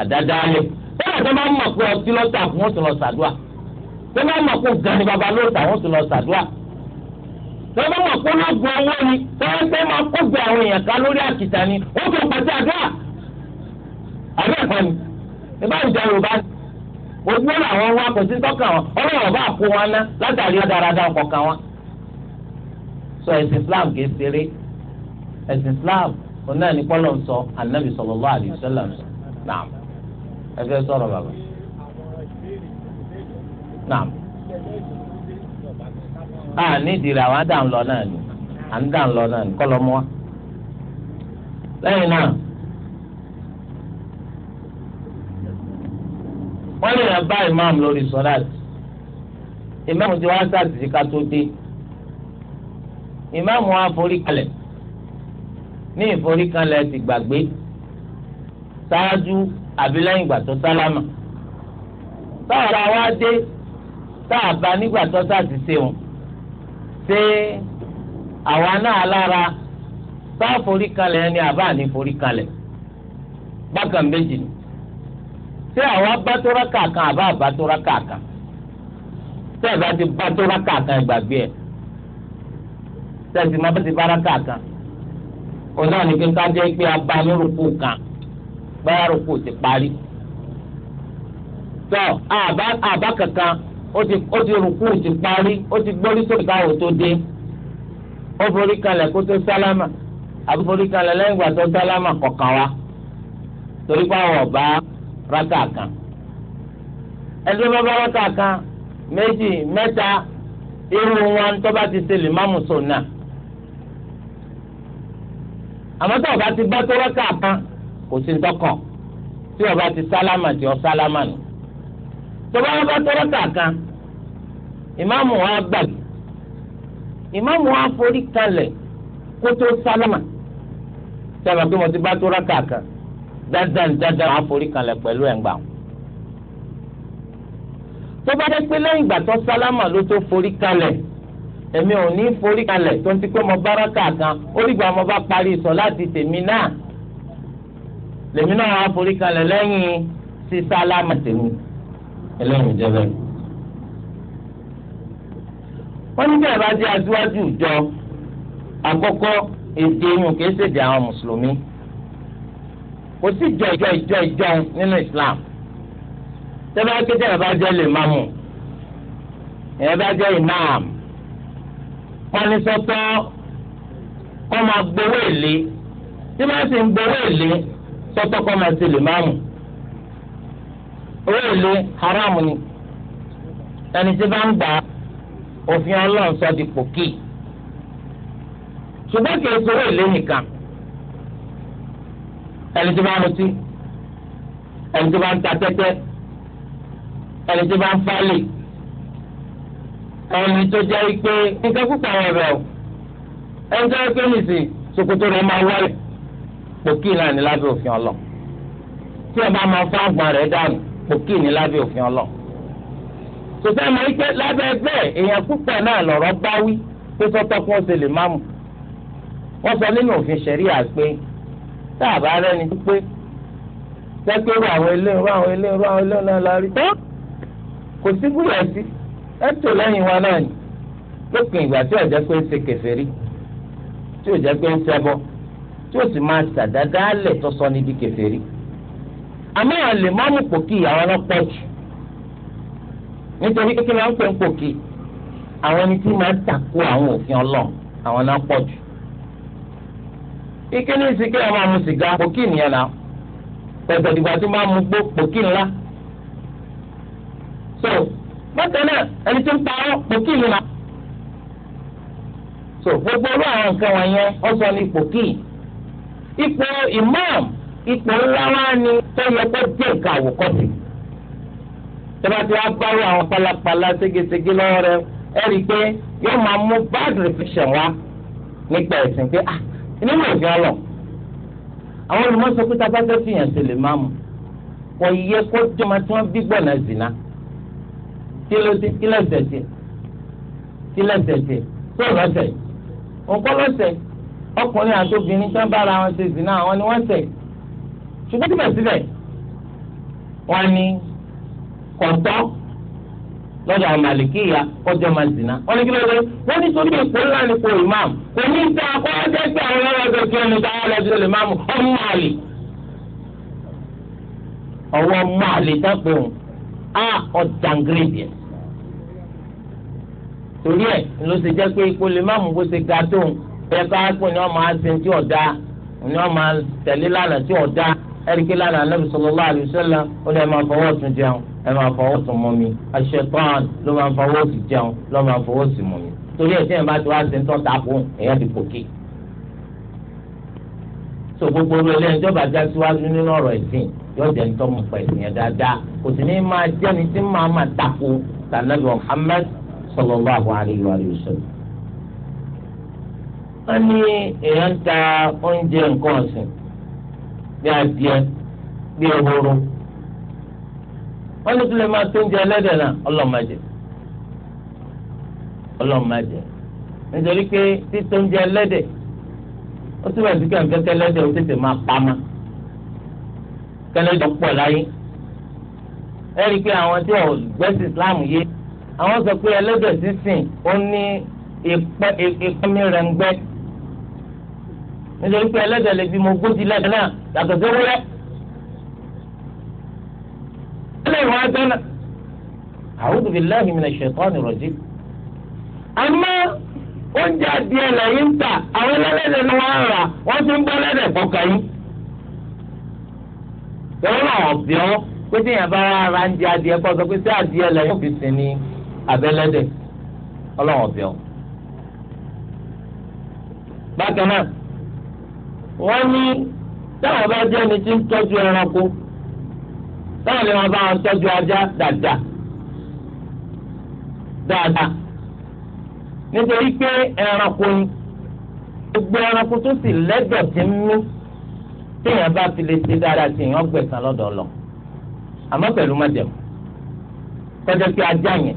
Speaker 1: àdádálẹ̀ bẹ́ẹ̀ tó máa ń mọ̀ pé ọtí lọ́tà fún oṣù lọ sàdúà tó máa ń mọ̀ pé gani baba lọ́tà fún oṣù lọ sàdúà tó máa ń mọ̀ pé lọ́gùn owó ni tẹ́lẹ̀ tẹ́ máa kó gbé àwọn èèyàn ká lórí àkìtà ni ó tó pàṣẹ àdúrà àbẹ́ẹ̀kọ́ ni ìbáraẹ̀jẹ̀ yorùbá ni. owó làwọn wá kò sí tọ́ka wọn ọlọ́wọ́ bá kó wọn ná látàrí ọ̀daràdà ọ̀kọ̀ọ̀kan wọn. sọ ẹ̀sìn Islam kìí ṣeré ẹ̀sìn Islam náà ní sọ and sallallahu alaihi wasallam ń sọ naam ẹ fẹ́ sọ̀rọ̀ bàbá naam a nídìí rẹ̀ náà ni náà ni wọ́n lè yàn bá imam lórí sọ́láàtì imam ti wá sàtìsí ká tó dé imam wa forí kalẹ̀ ní ìforí kalẹ̀ ti gbàgbé ṣáájú àbí lẹ́yìn ìgbà tó sálámà táwọn wa dé táàbà nígbà tó sàtìsí wọn ṣé àwa náà lára táà forí kalẹ̀ ni àbá ní forí kalẹ̀ bákan méjì ni ṣé àwa bá tóra kàkan àbá àbá tóra kàkan ṣé ìbá ti bá tóra kàkan ìgbàgbé ẹ̀ ṣé ìbá ti bára kàkan òun náà ní kíkà jẹ́ pé abá nírúkú kan báyà rúkú ti parí tọ́ àbá àbá kankan ó ti ó ti rúkú ti parí ó ti gbórí sókè káwọ́ tó dé ó forí kalẹ̀ kó tó sálámà àbí forí kalẹ̀ lẹ́yìn ìgbà tó sálámà kọ̀ọ̀kan wa torí pé àwọn ọ̀bá rákà kan ẹni tó bá bá rákà kan méjì mẹ́ta irú wọn tó bá ti ṣe lè má mùsùn náà àmọ́ tó o bá ti bá tó rákà kan kò sí ntọ́kàn tí o bá ti sálámà tí o sálámà nù tó bá bá tó rákà kan ìmáàmù wa gbàgbé ìmáàmù wa forí kalẹ̀ kó tó sálámà sábà pé mo ti bá tó rákà kan dandan dandan wàá forí kanlẹ̀ pẹ̀lú ẹ̀ǹgbà tó bá dé pé lẹ́yìn ìgbà tó sálámà ló tó forí kanlẹ̀ èmi ò ní forí kanlẹ̀ tó ń ti pé mo báraka kan orígbà mo bá parí sọ láti tèmi náà lèmi náà wàá forí kanlẹ̀ lẹ́yìn sí sálámà tèmi ẹlẹ́yìn ìjẹ́bẹ̀. wọ́n ní bẹ́ẹ̀ bá jẹ́ aṣíwájú ìjọ àkọ́kọ́ èdè yìí kìí ṣèdè àwọn mùsùlùmí kò sí ìjọ ìjọ ìjọ ìjọ nínú Islam tẹ́lẹ̀ akéde ẹ̀ bá jẹ́ lè máa mú ẹ̀ bá jẹ́ imam panisọ́tọ́ kọ́ máa gbowó èlé tí máa sì ń gbowó èlé sọ́tọ́ kọ́ máa ṣe lè máa mú owó èlé haram ni ẹni tí bá ń gbà òfin ọlọ́run sọ di pòkì ṣùgbọ́n kì í sọ owó èlé nìkan ẹni tó bá ń mutí ẹni tó bá ń ta tẹ́tẹ́ ẹni tó bá ń falè ẹni tó jẹ́ pé nǹkan púpọ̀ àwọn ẹ̀rọ ẹni tó jẹ́ pé nìsín ṣòkòtò rẹ̀ máa wọlé pòkì náà ní lábẹ́ òfin ọlọ́ tí ẹ bá máa fún àgbọn rẹ̀ dànù pòkì ní lábẹ́ òfin ọlọ́ sọtẹ́ ẹ̀ máa ń pẹ́ lábẹ́ ẹgbẹ́ èèyàn púpọ̀ náà lọ̀rọ̀ báwí pé sọ́tọ́ fún ọ̀sẹ̀ lè má mú wọ́n sọ nínú òfin ṣẹ̀ríà pé tá a bá rẹ́ni pípé jẹ́pẹ́ rú àwọn eléyìí rú àwọn eléyìí rú àwọn eléyìí náà la rí tán kò sí búrẹ̀ sí ẹ tò lẹ́yìn wa náà ni lópin ìgbà tí ọ̀jẹ́ pé ń ṣe kèfèrí tí ọ̀jẹ́ pé ń ṣẹbọ tí ó sì máa ṣàdádálẹ̀ tó sọ níbi kèfèrí àmọ́ àwọn lè má mú pòkì àwọn náà pọ̀ jù nítorí kékeré wọn pè ń pòkì àwọn ẹni tí máa ń takò àwọn òfin ọlọ́run àwọn náà pọ̀ jù ike ní ìsìnkú ẹ̀ máa mu sìgá pòkì nìyẹn náà pẹ̀sẹ̀ ìgbà tí máa mu gbó pòkì ńlá. so bákan náà ẹni tó ń parọ́ pòkì ńlá. so gbogbo olú àwọn nǹkan wọ̀nyẹn ó sọ ní pòkì. ipò imam ipò ńlá wá ni tó yẹ kó dé nǹkan àwòkọ́sí. tọ́ba tí wàá gbárù àwọn pálapàla ségesège lọ́wọ́ rẹ ẹ rí i pé yóò máa mú bad reflection wá nípa ẹ̀sìn pé ah nínú òfin ọlọ àwọn olùmọ̀sọ pé tábà fẹ́ fìyàn ṣe lè máa mú kò yẹ kó jẹ́ ọmọ tí wọ́n bí gbọ̀nà zìnà kí ló dé kí lẹ́sẹ̀ tiẹ̀ kí lẹ́sẹ̀ tiẹ̀ tó lọ́sẹ̀ òǹkọ́ lọ́sẹ̀ ọkùnrin àti obìnrin tán bára wọn ṣe zìnà àwọn ni wọ́n ṣẹ̀ ṣùgbọ́n síbẹ̀síbẹ̀ wọ́n ní kọ̀tọ́ lọ́dọ̀ àwọn màlìkíyà kọjá máa zina wọ́n ní kí ló dé wọ́n ní torí ipò ńlá ni kò ìmáàmù kò ní ta akọ́jọ́ pé àwọn ọlọ́dọ̀ kí ọ̀nà ìta ọlọ́dọ̀ lè máàmù ọmọ àlè ọwọ́ ọmọ àlè dápò ń a ọ̀dàngrèdìẹ̀ torí ẹ̀ ló ṣe jẹ́ pé ipò lè máàmù kó ṣe ga tó ń bẹ́ẹ̀ ká pé ní ọmọ asin tí ọ̀dà ní ọmọ tẹ̀lé lánàá tí ọ̀dà ẹ̀ríkì lánàá ẹ máa fọwọ́ sùn mọ́ mi aṣetán ló máa fọwọ́ sí jẹun ló máa fọwọ́ sí mọ́ mi torí ẹ̀ tí ẹ̀ bá ti wá sí ń tọ́ta kó ẹ̀yà ti pòkì. so gbogbo orí ẹlẹ́yìn ìjọba já síwájú nínú ọ̀rọ̀ ẹ̀sìn yóò jẹ́ ń tọ́mù pa ẹ̀sìn yẹn dáadáa kò sì ní máa jẹ́ni tí máa máa tako tànàbí Muhammad sallallahu alaihi wa sallam. wọ́n ní èèyàn ń ta oúnjẹ nǹkan ọ̀sìn bí adìẹ bí ehoro wọ́n ní kí lè máa tó oúnjẹ ẹlẹ́dẹ̀ náà ọlọ́mọdé ọlọ́mọdé nítorí pé tító oúnjẹ ẹlẹ́dẹ̀ ó túbọ̀ sí kẹ̀kẹ́ kẹlẹ́dẹ̀ ó tètè máa pamọ́ kẹlẹ́dẹ̀ pọ̀ láyé ẹ rí i pé àwọn tí ò gbẹ́sì Islam yé àwọn sọ pé ẹlẹ́dẹ̀ sísìn ó ní ìpẹ́mí rẹ̀ ń gbẹ́ nítorí pé ẹlẹ́dẹ̀ lè fi mọ ogójì lẹ́dẹ̀ náà yàtọ̀ sí ewúrẹ́ lẹ́yìn wọn dáná. a'udhu billahi minash shaitanir rajim. àmọ́ oúnjẹ adìẹ lẹ́yìn ń tà àwọn ẹlẹ́dẹ̀ ni wọ́n rà wọ́n tún ń bọ́ ẹlẹ́dẹ̀ kọ̀ọ̀kan yìí. ìwọ́n náà ọ̀bí ọ́ pé tí yẹn bá ara ń jẹ adìẹ kọ́ sọ pé sí adìẹ lẹ́yìn fi sin ní abẹ́lẹ́dẹ̀ ọlọ́run ọ̀bí ọ́. bákan náà wọ́n ní táwọn bá jẹ́ ẹni tí ń tọ́jú ẹranko báwo ni wọn bá wọn tọ́jú ajá dáadáa dáadáa nítorí pé ẹranko ni gbogbo ẹranko tó sì lẹ́dọ̀ tí ń mí téèyàn bá fi lè ṣe dáadáa sí èèyàn gbẹ̀san lọ́dọ̀ lọ àmọ́ pẹ̀lú májẹ̀mú tọ́jú pé ajá yẹn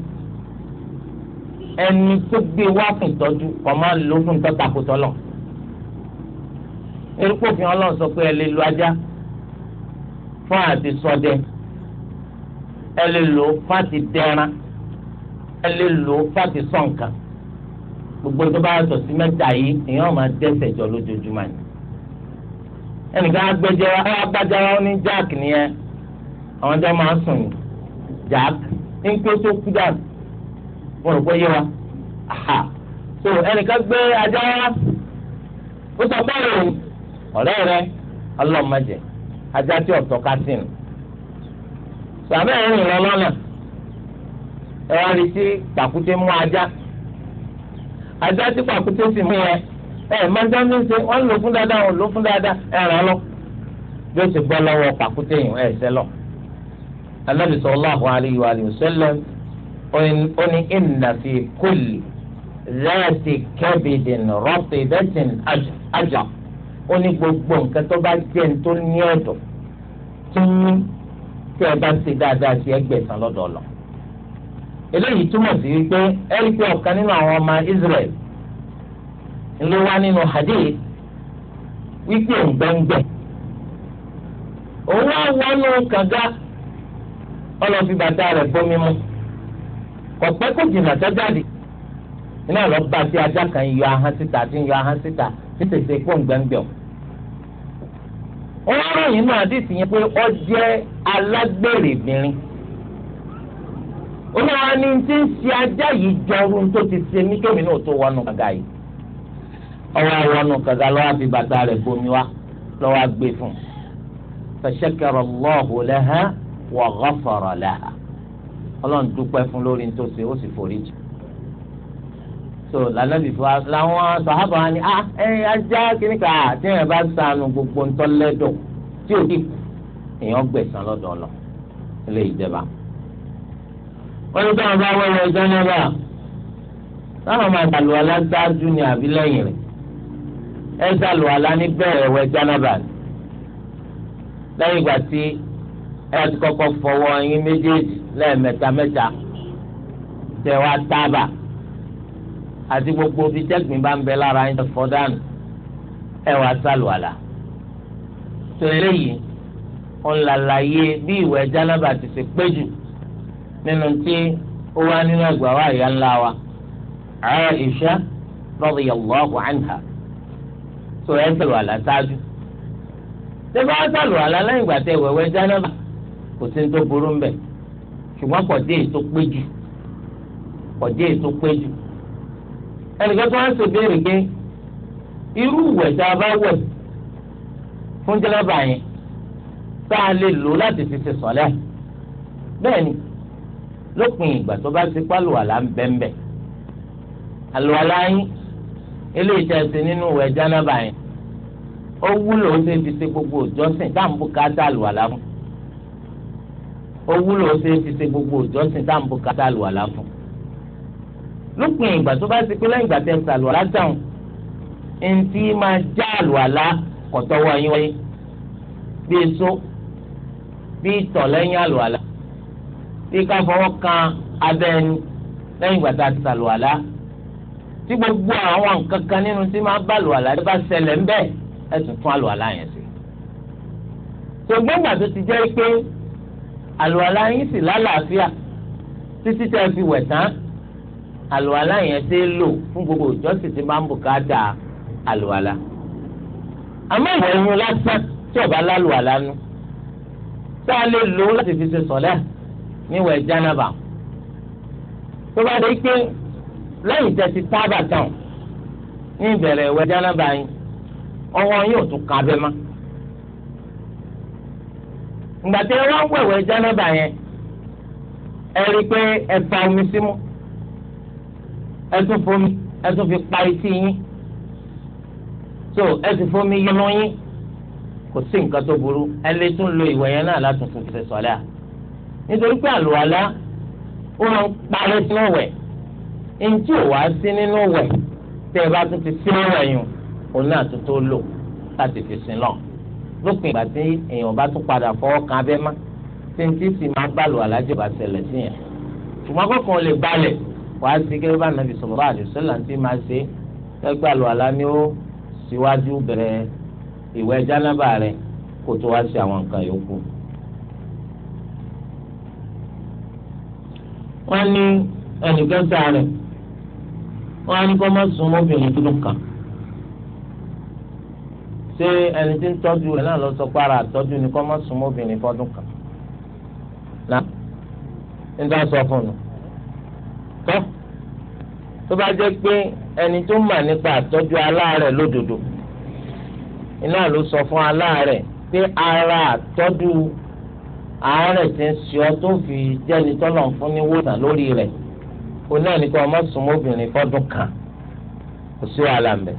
Speaker 1: ẹni tó gbé wá fún ìtọ́jú kọ́ máa ń lo fún ìtọ́takùtọ́ lọ. erúpòfin ọlọ́run sọ pé ẹ lè lo ajá fún àti ṣọdẹ. So Elelo fati lò fáti dẹran ẹ lò sọǹkà gbogbo tó bá yàtọ̀ sí mẹ́ta yìí èèyàn máa dẹ́ṣẹ̀ jọ lójoojúmọ́ ni ẹnìkan agbẹjẹ agbájá wọn ní jack nìyẹn àwọn máa jack tó kú mo aha so ẹnìkan gbé ajá wa ó sọ báyìí ọ̀rẹ́ rẹ ọlọ́mọdé sàbẹ̀ ń rìn lọ lọ́nà ẹ wá rí sí pàkúté mú ajá ajá tí pàkúté sì mú ẹ ẹ máa dáná ṣe wọn lò fún dáadáa wọn lò fún dáadáa ẹ ràn lọ bí ó ti lọ́wọ́ pàkúté yìí ẹ sẹ́lọ̀ Ànábì fi tí ẹ bá ń ṣe dáadáa sí ẹgbẹ̀sán lọ́dọ̀ ọ̀lọ́. eléyìí túmọ̀ sí wípé ẹ̀rí pé ọ̀kan nínú àwọn ọmọ Israel ló wá nínú hadith wípé òǹgbẹ́ngbẹ́ òun wá wọnú kànga ọlọ́fi bàtà rẹ̀ bómi mu kò jìnnà iná sí ajá kan yọ wọ́n ròyìn náà àdìsí yẹn pé ó jẹ́ alágbèrèbìnrin olùwà ni ti ń ṣe ajá yìí jọrú tó ti ṣe mí tómi náà tó wọnú kàga yìí ọwọ́ wọnú kàga lọ́wọ́ àfi bàtà rẹ̀ gbomi wá lọ́wọ́ àgbè fún un fashakara Allahu laha wa ghafara ọlọ́run dúpẹ́ fún lórí tó ṣe ó so lànàbì fún wa làwọn sàhábà wa ni ah, a ẹ ajá kìíní ká tí èèyàn bá sànù gbogbo ntọ́lẹ́dọ̀ tí ò kí èèyàn gbẹ̀sán lọ́dọ̀ ọ̀lọ́ ilé ìjẹba. wọ́n ní káwọn bá wọ́n lọ ẹjọ́ náírà táwọn máa dàlù àlá ṣáájú ni àbí lẹ́yìn rẹ̀ ẹ dàlù àlá ní bẹ́ẹ̀ ẹ̀wẹ̀ jánábà ni lẹ́yìn ìgbà tí ẹ ti kọ́kọ́ fọwọ́ yín méjèèjì lẹ́ẹ̀mẹ́ta mẹ́ta tẹ wá tábà àti gbogbo bí tẹ́gbìn bá ń bẹ lára yín tó fọ́ dànù ẹ wá sálùwàlà tó eléyìí òun làlàyé bí ìwẹ̀ jánábà ti ṣe pé jù nínú tí ó wá nínú ẹgbà wa ìyá ńlá wa Aisha radiyallahu anha tó ẹ sálùwàlà ṣáájú ṣé bá wá sálùwàlà lẹ́yìn ìgbà tẹ ìwẹ̀wẹ̀ jánábà kò sí ní tó burú ń bẹ̀ ṣùgbọ́n kò dé èso pé jù kò dé èso pé jù ẹnìkan tó wá ń ṣèbéèrè pé irú ìwẹ̀ tá a bá wẹ̀ fún jẹ́lẹ́bà yẹn tá a lè lò láti fi ṣe sọ̀lẹ́ bẹ́ẹ̀ ni lópin ìgbà tó bá ti pálùwàlà ń bẹ́ńbẹ́ àlùwàlà yín eléyìí tẹ̀ sí nínú ìwẹ̀ jẹ́lẹ́bà yẹn ó wúlò ó ṣe fi ṣe gbogbo ìjọsìn tá à ń bùkátà àlùwàlà fún ó wúlò ó ṣe fi ṣe gbogbo ìjọsìn tá à ń bùkátà àlùwàlà fún lópin ìgbà tó bá ti pé lẹ́yìn ìgbà tẹ̀ sàlù àlá dáhùn ntí máa já àlù àlá kọ̀tọ́wọ́ yín wáyé bí èso bí ìtọ̀ lẹ́yìn àlù àlá bí ká fọwọ́ kan abẹ́ ẹni lẹ́yìn ìgbà tá a ti sàlù àlá tí gbogbo àwọn nǹkan kan nínú tí máa bá àlù àlá bá ṣẹlẹ̀ ńbẹ́ ẹ fún àlù àlá yẹn sí. ṣùgbọ́n tó ti jẹ́ pé àlù àlá yín sì lálàáfíà títí tẹ́ fi wẹ̀ tán àlùwàlá yẹn ṣe é lò fún gbogbo ìjọsìn tí máa ń bùkátà àlùwàlá àmọ́ ìwẹ̀ ẹ̀yìn lásán tí ọba lálùwàlá nu tá a lè lò láti fi ṣe sọ̀lẹ́ níwẹ̀ jánàbà tó bá dé pé lẹ́yìn tẹ́ ti tábà tán ní ìbẹ̀rẹ̀ ìwẹ̀ jánàbà yín ọwọ́ yóò tún ka abẹ́ mọ́ ìgbà tí wọ́n wẹ̀wẹ̀ jánàbà yẹn ẹ rí i pé ẹ fa omi símú. Si ẹtún fomi ẹtún fi pa etí yín so ẹtún fomi yọnu yín kò sí nǹkan tó burú ẹ lè tún lo ìwẹ̀ yẹn náà látún fún fífẹ́ sọ́lá nítorí pé àlùwàlá ó máa ń parẹ́ sínú wẹ̀ ntí ò wá sí nínú wẹ̀ tẹ́ ẹ bá tún ti sínú wẹ̀ yùn òun náà tún tó lò láti fi sin lọ lópin ìgbà tí èèyàn bá tún padà fọwọ́ kan abẹ́ má tí ntí sì máa gbàlù àlájọba ṣẹlẹ̀ sí yẹn ṣùgbọ́n kọ̀ọ̀kan lè balẹ̀ wàá ṣe kí ló bá nàbì sallallahu alaihi wasallam tí máa ṣe ẹgbẹ́ àlùwàlá ni ó síwájú bẹ̀rẹ̀ ìwẹ̀ jánábà rẹ̀ kó tó wá sí àwọn nǹkan yòókù. wọ́n ní ẹnìkan sáré wọ́n á ní kó má sùn mọ́bìnrin dúdú kan ṣé ẹni tí ń tọ́jú rẹ̀ náà lọ sọ pé ara àtọ́jú ni kó má sùn mọ́bìnrin fọ́dún kan. nígbà sọ fún un tọ́ tó bá jẹ́ pé ẹni tó mà nípa àtọ́jú aláàárẹ̀ lódodo iná ló sọ fún aláàárẹ̀ pé ara àtọ́jú àárẹ̀ ti ń ṣe ọ́ tó fi jẹ́ni tọ́lọ̀ fún ní wòsàn lórí rẹ̀ o náà ní kí ọmọ súnmọ́ obìnrin fọ́dún kan kò sí wàhálà ń bẹ̀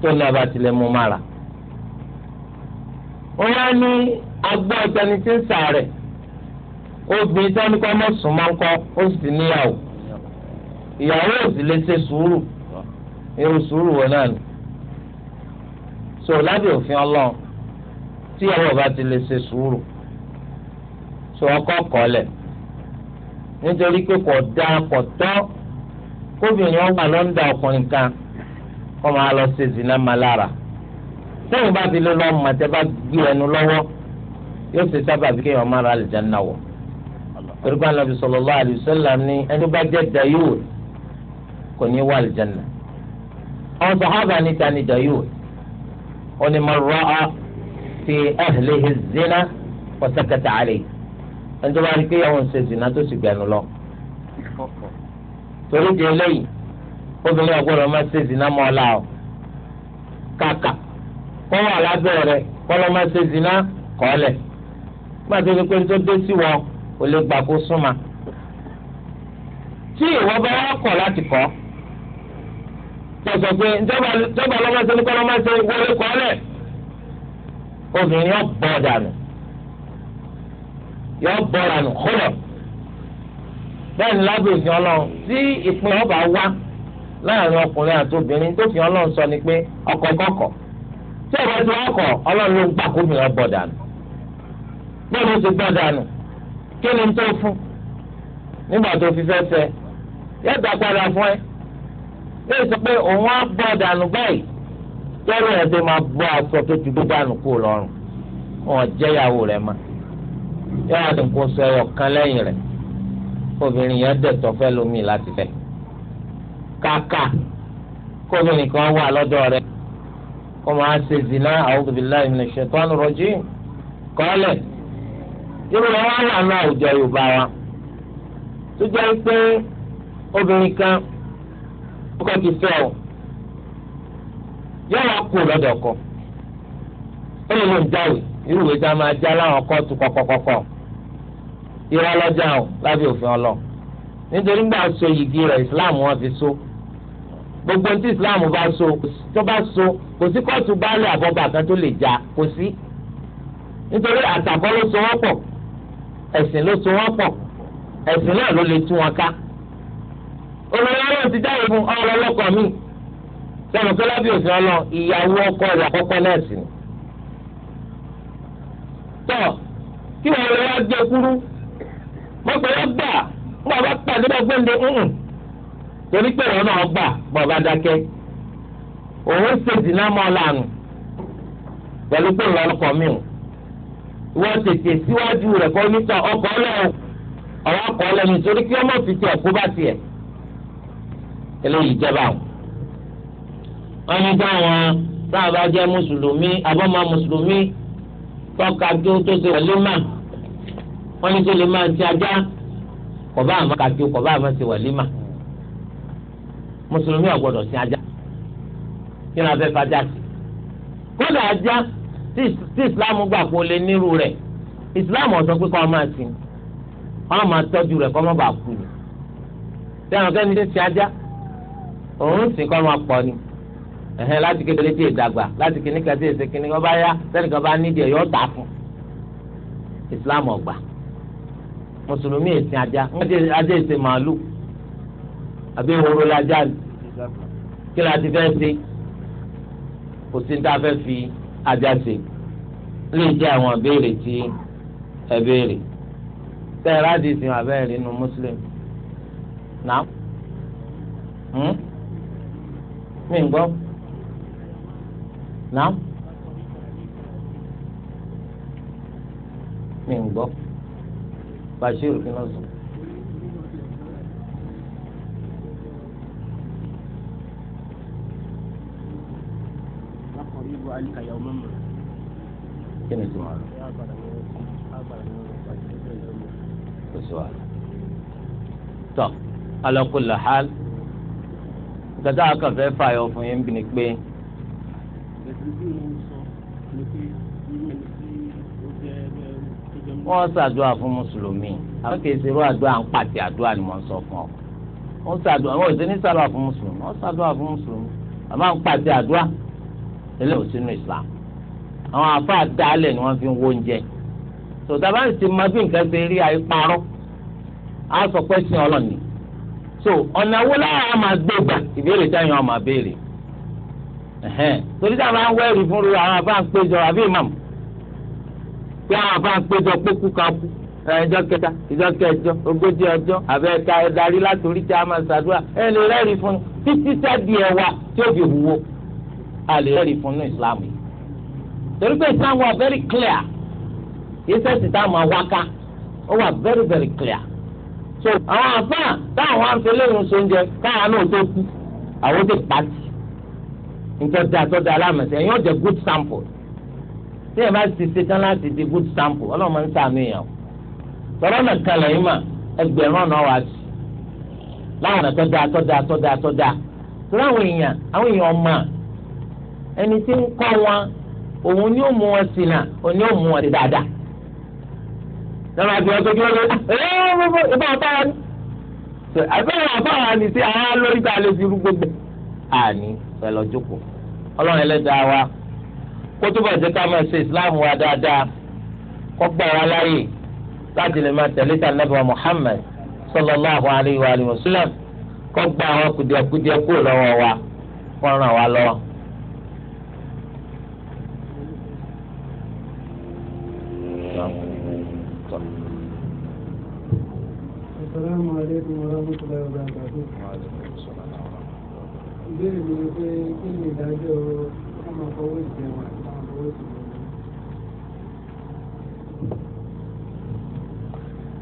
Speaker 1: tó náà bá tilẹ̀ mú mára. wọ́n á ní agbọ́ ọ̀tẹni tí ń sàárẹ̀ obìnrin tí wọn ní kọ́ mọ́ sùn máa ń kọ́ ó sì ti níyàwó ìyàwó ò sì lè ṣe sùúrù irú sùúrù wọn náà ni so lábẹ́ òfin ọlọ́run tí ìyàwó bá ti lè ṣe sùúrù so ọkọ kọlẹ̀ nítorí pé kò dáa kò tọ́ kóbìnrin ọgbà lọ́ńdà ọkùnrin kan kọ́ máa lọ ṣe zina máa lára sẹ́yìn bá ti lé lọ́mọ tẹ́ bá gbé ẹnu lọ́wọ́ yóò ṣe sábàbí kéèyàn máa ra àlìjáná wọ̀ torí pa nàbì sallallahu alaihi wasallam ní ẹni bá jẹ́ dayúwò kò ní wà lìjànà àwọn sàhábà ní ta ni dayúwò ó ní man ra'a fi ahlihi zina wa sakata alayhi ẹni tó bá rí pé àwọn ṣe zina tó sì gbẹnu lọ. torí di eléyìí obìnrin ọgbọ́dọ̀ máa ṣe zina mọ́ ọ la ọ kàkà kọ́ wà lábẹ́ rẹ kọ́ lọ́ máa ṣe zina kọ́ lẹ̀ gbàtọ́ ní pé ní tó dé sí wọn. kò lè gbà kó súnmọ́ tí ìwọ bá wà kọ̀ láti kọ́ tọ̀sọ̀ pé ntọ́ba lọ́mọ ṣe ní kọ́ lọ́mọ ṣe wọlé kọ́ lẹ̀ obìnrin yóò bọ̀ dànù yóò bọ̀ dànù bẹ́ẹ̀ ni tí ìpín ọba wá láàrin ọkùnrin àti obìnrin tó fi sọ ni pé ọkọ̀ tí ti ọlọ́run ló ń gbà kó dànù bẹ́ẹ̀ kí ni tó fún nígbà tó fi fẹ́ fẹ́ yóò dá padà fún ẹ yóò sọ pé òun á bọ̀ dànù báyìí yọrọ yẹn ti máa bọ́ aṣọ tó ti dúdú dànù kó lọ́rùn wọn jẹ́yàwó rẹ̀ ma yóò wá nǹkan sọ ẹyọ kan lẹ́yìn rẹ̀ obìnrin yẹn dẹ̀tọ̀ fẹ́ lómi láti fẹ́ kàkà kóbìnrin kan wà lọ́dọ̀ rẹ̀ kó máa ṣe zina a'udhu billahi minash shaitani rajim kọ́lẹ̀ irú wọn wà láàánú àwùjọ yorùbá wa tó jẹ́ pé obìnrin kan ọkọ ti fẹ́ ọ yóò wá kú lọ́dọ̀ kọ ó lè lóun jáwèé irú ìwé tá a máa já láwọn kóòtù kọ̀kọ̀kọ̀kọ̀ irọ́ lọ́jà ọ̀ lábẹ́ òfin ọlọ́ nítorí gbà so yìgì rẹ̀ islam wọn fi so gbogbo tí islam bá so tó bá so kò sí kóòtù baálé àbọ̀bà kan tó lè já kò sí nítorí àtàkọ́ ló so wọ́pọ̀ ẹ̀sìn ló so wọ́n pọ̀ ẹ̀sìn náà ló lè tú wọn ká obìnrin ọlọ́run ti dáhùn fún ọ̀rọ̀ ọlọ́kọ mi sọ̀rọ̀ pé lábẹ́ òfin ọlọ́ ìyàwó ọkọ rẹ̀ àkọ́kọ́ náà sì ni. tọ́ kí wọ́n lè wá gbé kúrú mọ́gbẹ́lá gbà ń bàbá pàdé bá gbẹ́ndé ńǹ torí pé ìrọ̀nà ọgbà bàbá dákẹ́ òun ṣèjì náà mọ́ ọ̀lànà pẹ̀lú pé ìrọ̀lọ́kọ̀ mi ò wọ́n tètè síwájú rẹ̀ kọ́ níta ọkọ̀ ọlọ́run ọ̀rọ̀ ọkọ̀ ọlọ́run nítorí kí ọmọ fi tiẹ̀ kó bá tiẹ̀ eléyìí jẹba o. wọ́n ní táwọn sábà jẹ́ mùsùlùmí abọ́mọ mùsùlùmí tọ́ka tó tó ṣe wọlé mà wọ́n ní tó lè máa ti ajá kọ̀bá àmọ́ kàkí kọ̀bá àmọ́ ṣe wọlé mà mùsùlùmí ò sí ajá kí ni a fẹ́ fajá sí kódà ajá tí islam gbà kó lè nírú rẹ̀ islam ọ̀sán pé kọ́ máa sìn wọ́n máa tọ́jú rẹ̀ kọ́ máa bà kú ni sẹ́wọ̀n kẹ́ni tí ń sin ajá òun sìn kọ́ máa pọ̀ ni ẹ̀hẹ́n láti kékeré tí ìdàgbà láti kíní kan tí èsè kíní kan bá yá sẹ́ni kan bá nídìí ẹ̀ yọ tà fún islam ọ̀gbà mùsùlùmí èsìn ajá ajá èsè màálù àbí ehoro lajá kí la ti fẹ́ ṣe kò sí ní ta fẹ́ fi àjàsè lè jẹ́ àwọn ìbéèrè tí ẹ béèrè tẹ̀rẹ́ àdìsí àbẹ́rẹ́ nínú muslim náà hmm? mi gbọ́ náà mi gbọ́ Bashir kí ló sọ. ذلك يوما ما kí ni tuma rẹ kò sí wa tọ alakula hal gata akafẹ fàyọ fún yín bí ni pé. wọ́n ṣàdúrà fún mùsùlùmí àwọn kì í ṣe irú àdúrà ń pàtẹ àdúrà ni mo ń sọ fún ọ wọ́n ṣàdúrà wọ́n ò sí ní ṣàdúrà fún mùsùlùmí wọ́n ṣàdúrà fún mùsùlùmí àmọ́ ń pàtẹ àdúrà eléyìí ò sínú islam àwọn àfáà dálẹ̀ ni wọ́n fi ń wó oúnjẹ sọ̀tàbá ti mọ bí nǹkan ṣe rí àyè parọ́ á sọ pé sin ọlọ́ni so ọ̀nà wo láwọn máa gbégbà ìbéèrè táyọ̀ ọ̀ máa béèrè torí táwọn á ń wẹ́rì fún ru àwọn àfáà ń péjọ àbí ìmàmù pé àwọn àfáà ń péjọ pé kú ká kú ẹjọ́ kẹta ìjọ́ kẹjọ ogójì ọjọ́ àbẹ ẹka ẹdarí láti oríṣi àmàṣàdúrà ẹni rẹ́rìí fún títí sẹ́ẹ̀dì ẹ̀wà tí ó fi wúwo a lè rẹ́rì fún ní islam yìí torí pé islam wà very clear yíṣẹ́ sì tá a máa wá ó wà very very clear so àwọn àfáà táwọn wá ń fi léèrè oṣù oúnjẹ káwọn náà tó kú àwọn ti pàtì nítorí àtọ́jà alámẹ̀sẹ̀ ẹ̀yin ọ̀jẹ̀ good sample tí ẹ bá ti ṣe tán láti di good sample ọlọ́run máa ń sàmì yàn tọ́lọ́ náà kan lẹ́yìn mà ẹgbẹ̀rún ọ̀nà wà sí láwọn àtọ́jà àtọ́jà àtọ́jà àtọ́jà tó láwọn èèyàn àwọn èèyàn ọmọ ẹni tí ń kọ́ wọn òun ni ó mú wọn sí náà òun ni ó mú wọn sí dáadáa lọ́nà àti wọn gbẹ́jọ́ lọ́wọ́ ẹ̀ẹ́ gbogbo ìbá ọ̀tá wa ni àbẹ̀wò àbáwa ni sí àwọn lórí tá a lè fi rú gbogbo àní pẹ̀lú ọjọ́kọ̀ ọlọ́run ẹlẹ́dàá wa kó tó bàjẹ́ ká máa ṣe islam wa dáadáa kó gbà wá láàyè láti lè máa tẹ̀lé tà nàbẹ̀wò muhammad sallallahu alayhi wa sallam kó gbà àwọn kùdìẹ̀kùdìẹ̀ kúrò lọ́wọ́ wa kó ràn wá lọ́wọ́. السلام عليكم ورحمة الله وبركاته. وعليكم السلام ورحمة الله. ìbéèrè mi ni pé kí ni ìdájọ́ ọmọ ọwọ́ ìjẹun àti ọmọ ọwọ́ ìjẹun.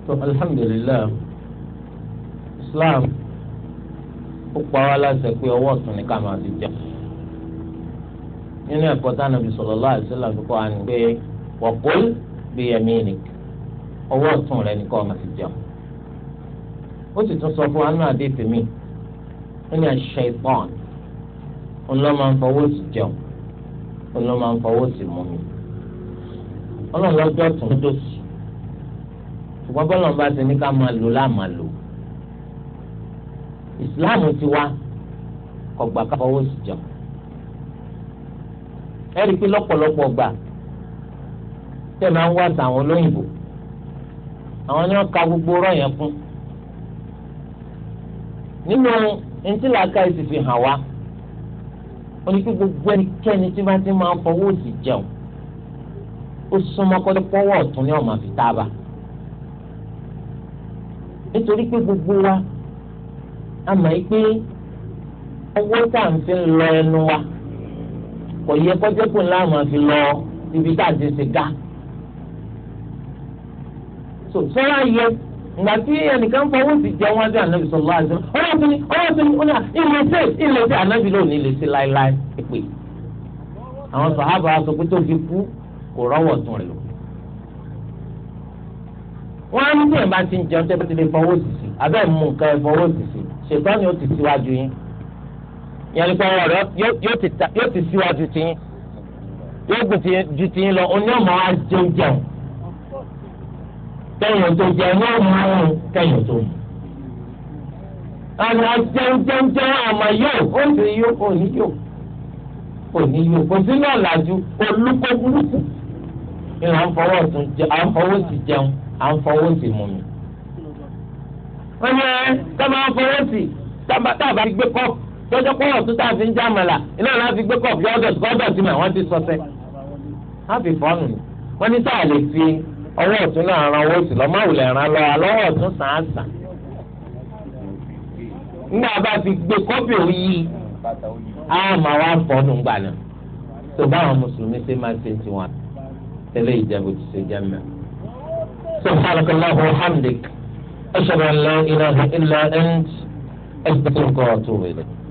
Speaker 1: tó alhamdulilayi Islam ó pa pé ọwọ́ ọ̀tún ni ká máa fi jẹun nínú ẹ̀kọ́ tánàbí sallallahu alaihi wasallam fi kọ́ àná pé wa qul bi yaminik ọwọ́ ọ̀tún rẹ ni kó máa fi jẹun ó sì tún sọ fún wa nínú àdéhùn mi ó ní àṣẹ ìpọ́n òun ló máa ń fọwọ́ sí jẹun òun ló máa ń fọwọ́ sí mú mi ọlọ́run lọ́jọ́ tún dòsì ṣùgbọ́n bọ́lọ̀ bá ti ní ká máa lò láàmà lò ìsìláàmù ti wá kọ̀gbà ká fọwọ́ sí jẹun ẹ rí i pé lọ́pọ̀lọpọ̀ gbà tẹ̀ máa ń wá sàwọn olóyìnbó àwọn ni wọ́n ka gbogbo ọ̀rọ̀ yẹn kún nínú ntí làákà yìí ti fi hàn wá ó ní kí gbogbo ẹnikẹ́ni tí wọ́n ti máa ń fọwọ́ òsì jẹun ó súnmọ́ kọ́tọ́ pọ́wọ́ ọ̀tún ní ọ̀mà fi tábà nítorí pé gbogbo wa a mọ̀ yìí pé ọwọ́ tá à ń fi lọ ẹnu wa kò yẹ kọ́jọ́ kò ńlá àmọ́ fi lọ ibi tá à ti ṣe ga sọ́ra yẹ ìgbà tí ẹnìkan fọwọ́ sí jẹ́ wọn sí ànábì sọ̀rọ̀ láti ọ̀rọ̀ tó ní ọ̀rọ̀ tó ní ó ní ìlẹ̀sẹ̀ ah, ìlẹ̀sẹ̀ ànábì ló ní ìlẹ̀sẹ̀ láéláé pé àwọn sàhábà sọ pé tó fi kú kò rọ́wọ́ tún rẹ̀ lò. wọ́n á ní tí ẹ̀ bá ti ń jẹun tẹ́ bá ti lè fọwọ́ sí sí abẹ́ mú nǹkan ẹ̀ fọwọ́ sí sí ṣètọ́ ni ó ti síwájú yín yẹn nípa ọwọ́ rẹ yóò ti síwájú tiyín yóò gùn ju tiyín lọ kẹyìn tó jẹ ní ọmọ ayé kẹyìn tó mu. àná jẹun jẹun jẹun àmọ́ yóò ó sì yó kò ní yó kò ní yó kò sí náà làjú olùkọ́ burúkú. ni à ń fọwọ́ sí jẹun à ń fọwọ́ sí mu mi. wọ́n yẹ sábà ń fọwọ́ sí tábà tábà fi gbé kọ́ọ̀pù tọ́jọ́ kọ́ọ̀pù tó tá a fi ń jámàlà iná náà fi gbé kọ́ọ̀pù yọ̀ọ́dọ̀ sí mi àwọn ti sọ sẹ́. wọ́n fi fọ́ọ̀nù ni wọ́n ní sáà lè fi ọwọ́ ọ̀tún náà ran owó sí lọ máwùlẹ̀ ran lọ àlọ́wọ́ ọ̀tún sàǹsà
Speaker 2: nígbà bá ti gbé kọ́bì òyì
Speaker 1: á máa wá fọ́nù gbà náà tó báwọn mùsùlùmí ṣe máa ṣe tiwọn tẹ́lẹ̀ ìjẹ́bù ti ṣe jẹ́ mẹ́. سبحانك وبحمدك أشهد أن لا إله إلا أنت